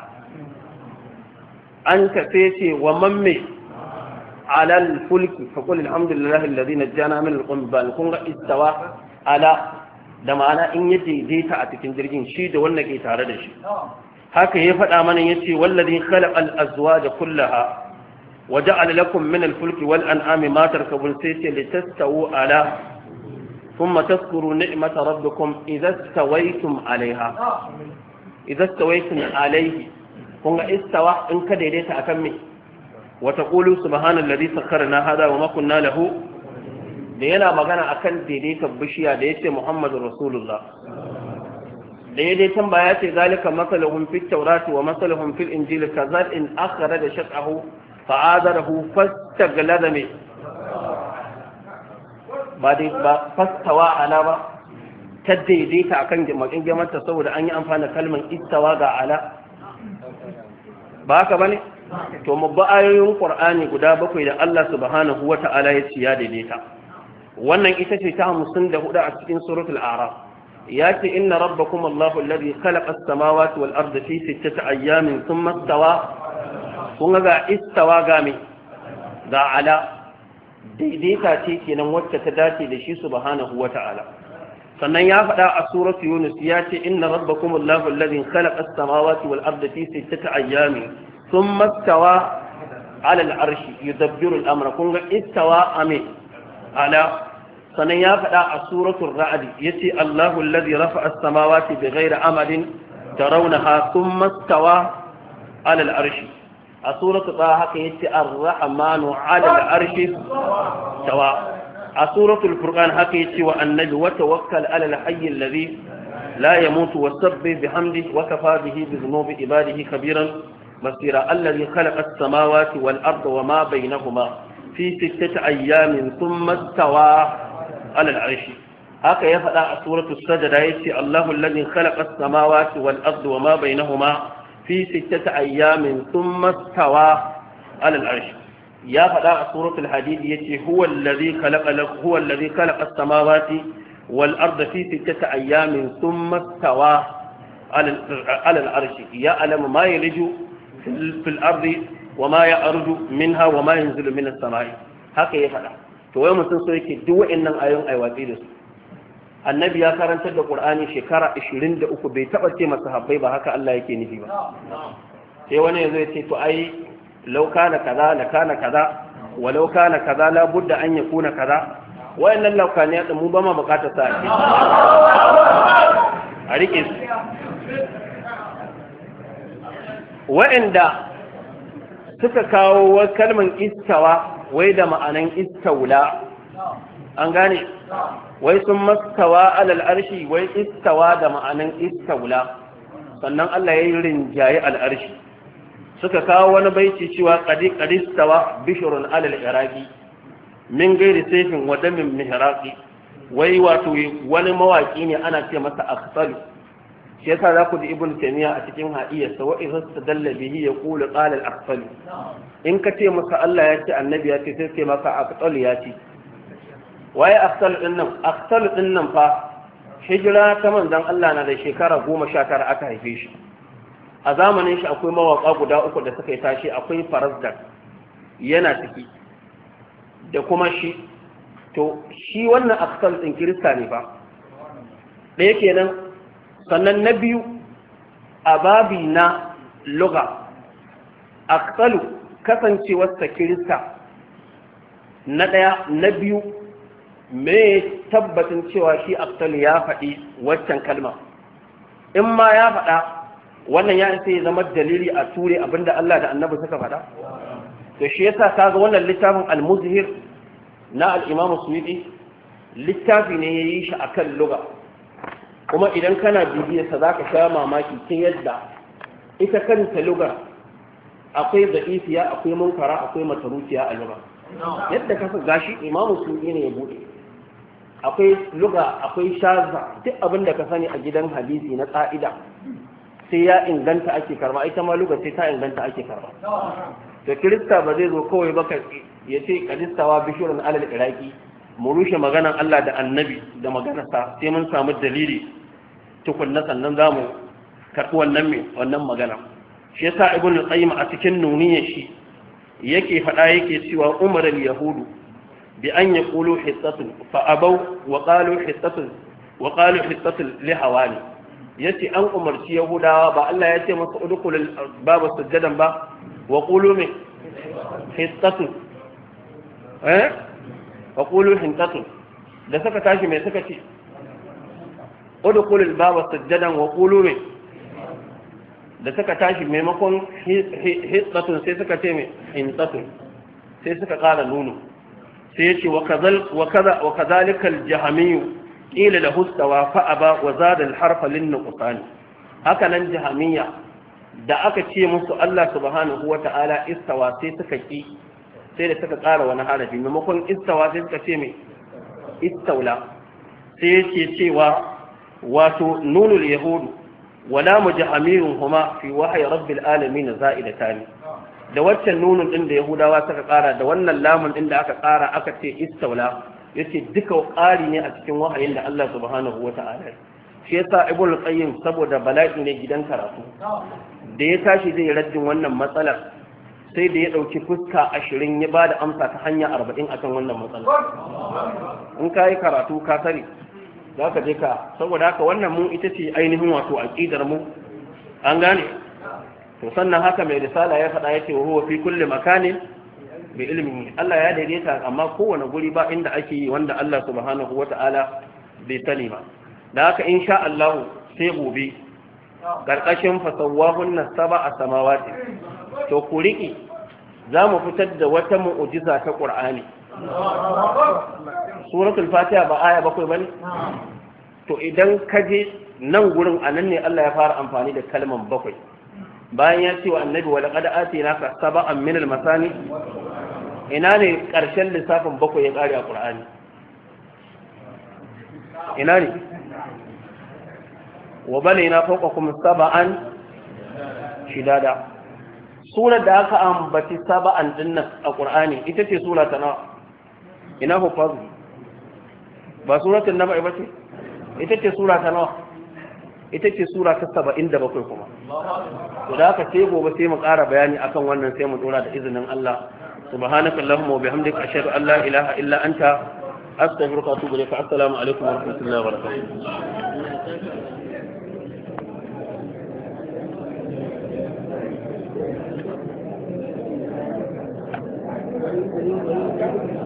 anta sai ce wa man me ala al fulki fa qul alhamdulillahi alladhi najjana min al qum bal kun ga istawa ala da ma'ana in ya daidaita a cikin jirgin shi da wanda ke tare da shi haka ya faɗa mana ya ce wallazi khalaqa al-azwaja kullaha wa ja'ala lakum min al-fulki wal an'ami ma tarkabun sai ce litastawu ala thumma tadhkuru ni'mata rabbikum idza stawaytum alaiha idza stawaytum alayhi kun ga istawa in ka daidaita akan me wa taqulu subhanallazi sakkarna hada wa ma kunna lahu da yana magana akan daidaita bishiya da yace muhammadur rasulullah Daidai tambaya ce zalika masalahum fit tawrat wa masalahum fil injil kazal in akhraja shaqahu fa azarahu fastaglada me ba dai ba fastawa ala ba ta daidaita akan makin gemanta saboda an yi amfani da kalmar istawa ga ala ba haka bane to mu mabba ayoyin qur'ani guda bakwai da Allah subhanahu wata'ala ya ci ya daidaita wannan ita ce ta 54 a cikin suratul araf ya ce inna Rabba kuma alladhi khalaqa as-samawati wal arda fi sittati ayyamin thumma istawa kun ga istawa game me ga ala daidaita ce kenan wacce ta dace da shi su subhanahu wata'ala sannan ya faɗa a suratu yunus ya ce inna Rabba kuma alladhi khalaqa as-samawati wal arda fi sittati ayyamin thumma istawa ala al-arshi yudabbiru al-amra kun ga istawa ame ala sannan ya faɗa a suratul ra'd yace Allahu allazi rafa'a as-samawati bighairi amadin tarawnaha thumma istawa 'ala al-arshi a suratul ta haka yace ar-rahmanu 'ala al-arshi tawa a suratul furqan haka yace wa annabi wa tawakkal 'ala al-hayy allazi la yamutu wasabbih bihamdihi wa kafa bihi bi dhunubi ibadihi kabiran basira allazi khalaqa as-samawati wal arda wa ma bainahuma fi sittati ayyamin thumma istawa alal arshi haka ya faɗa a suratul sajada yace Allahu allazi khalaqa as-samawati wal ardi wama bainahuma fi sittati ayyamin thumma istawa alal arshi ya faɗa a suratul hadid yace huwa allazi khalaqa huwa allazi khalaqa as-samawati wal ardi fi sittati ayyamin thumma istawa على العرش يعلم ما يلج في الأرض وما يعرج منها وما ينزل من haka ya faɗa. to wai mutum so yake duk wa'annan ayoyin ai watsi da su annabi ya karantar da qur'ani shekara 23 bai taba ce masa habbai ba haka Allah yake nufi ba sai wani yazo ya ce to ai law kana kaza la kana kaza wa law kana kaza la budda an yakuna kaza wayannan laukaniya da mu ba ma bukatar sa a rike su wa'anda suka kawo kalmar istawa wai da ma'anan istawla an gane wai sun mastawa alal arshi wai istawa da ma'anan istawla sannan Allah ya yi rinjaye al'arshi suka kawo wani baiti cewa qadi qadistawa bishrun alal iraqi min gairi sayfin wadamin mihraqi wai wato wani mawaki ne ana ce masa aksalu shi yasa za ku ji ibn taymiya a cikin hadiyarsa wa idza tadalla bihi yaqulu qala al in ka ce masa Allah ya ce annabi ya ce sai ce maka aqtal ya ce waye aqtal din nan aqtal din nan fa hijira ta manzon Allah na da shekara 19 aka haife shi a zamanin shi akwai mawaka guda uku da suka yi tashi akwai farazdar yana ciki da kuma shi to shi wannan aqtal din kirista ne fa ɗaya kenan sannan na biyu a babi na luga aksalu kasancewarsa kirista na ɗaya na biyu me tabbatin cewa shi aksalu ya faɗi waccan kalma in ma ya faɗa wannan ya isa ya zama dalili a ture abinda Allah da annabi suka faɗa to shi yasa kaga wannan littafin al-muzhir na al-imam suyuti littafi ne ya yi shi a kan lugha kuma idan kana bibiyarsa za ka sha mamaki ta yadda ita kanta lugar akwai da'ifiya akwai munkara akwai matarufiya a lugar yadda kasa gashi imamu su ne ya bude akwai luga akwai shaza duk abin da ka sani a gidan hadisi na ƙa'ida sai ya inganta ake karba ita ma luga sai ta inganta ake karba da kirista ba zai zo kawai ba ya ce kadistawa bishirun alal iraki mu rushe maganan Allah da annabi da maganarsa sai mun samu dalili tukunna sannan za mu karɓi wannan mai wannan magana shi yasa ibn qayyim a cikin nuniyar shi yake faɗa yake cewa umar al-yahudu bi an yaqulu hissatun fa abaw wa qalu hissatun wa qalu hissatun li hawani yace an umarci yahudawa ba Allah ya ce masa udkhul babu sujadan ba wa qulu min hissatun eh wa qulu hissatun da suka tashi mai suka ce udkhulul baba sajjadan wa qulu min da suka tashi maimakon hitsatun sai suka ce mai hintsatun sai suka ƙara nuno sai ya ce wa kazalikal jihamiyu ƙila da hustawa fa'aba wa zadal harfa linna ƙusani haka nan jahamiya da aka ce musu Allah subhanahu wa ta'ala istawa sai suka ƙi sai da suka ƙara wani harafi maimakon istawa sai suka ce mai istaula sai ya yake cewa wato nunul yahudu wala amirun huma fi wahayi rabbil alamin za'idatani da waccan nunun din da yahudawa suka kara da wannan lamun din da aka kara aka ce ya yace duka ƙari ne a cikin wahayin da Allah subhanahu wata'ala shi yasa ibn qayyim saboda bala'i ne gidan karatu da ya tashi zai raddin wannan matsalar sai da ya dauki fuska ashirin ya bada amsa ta hanya arba'in akan wannan matsalar in ka yi karatu ka sani za ka je ka saboda haka wannan mu ita ce ainihin wato aqidar mu an gane to sannan haka mai risala ya faɗa yake wa huwa fi kulli makani bi ilmi Allah ya daidaita amma kowane guri ba inda ake yi wanda Allah subhanahu wata'ala bai sani ba da haka insha Allah sai gobe karkashin na sab'a samawati to ku riki za mu fitar da wata mu'ujiza ta ƙur'ani. suratul fatiha ba aya bakwai bane to idan ka je nan gurin nan ne Allah ya fara amfani da kalman bakwai bayan ya ce wa annabi wa laqad atinaka sab'an min al-masani ina ne karshen lissafin bakwai ya kare a qur'ani ina ne wa balaina fawqakum sab'an shidada Sunar da aka ambaci saba'an dinnan a qur'ani ita ce sura ta nawa ina hufazu ba suratul naba'i ba ce ita ce sura ta nawa ita ce sura ta saba'in da bakwai kuma to da haka sai gobe sai mu ƙara bayani akan wannan sai mu dora da izinin Allah subhanaka allahumma wa bihamdika ashhadu an la ilaha illa anta astaghfiruka wa atubu ilayka assalamu alaikum wa rahmatullahi wa barakatuh Thank you.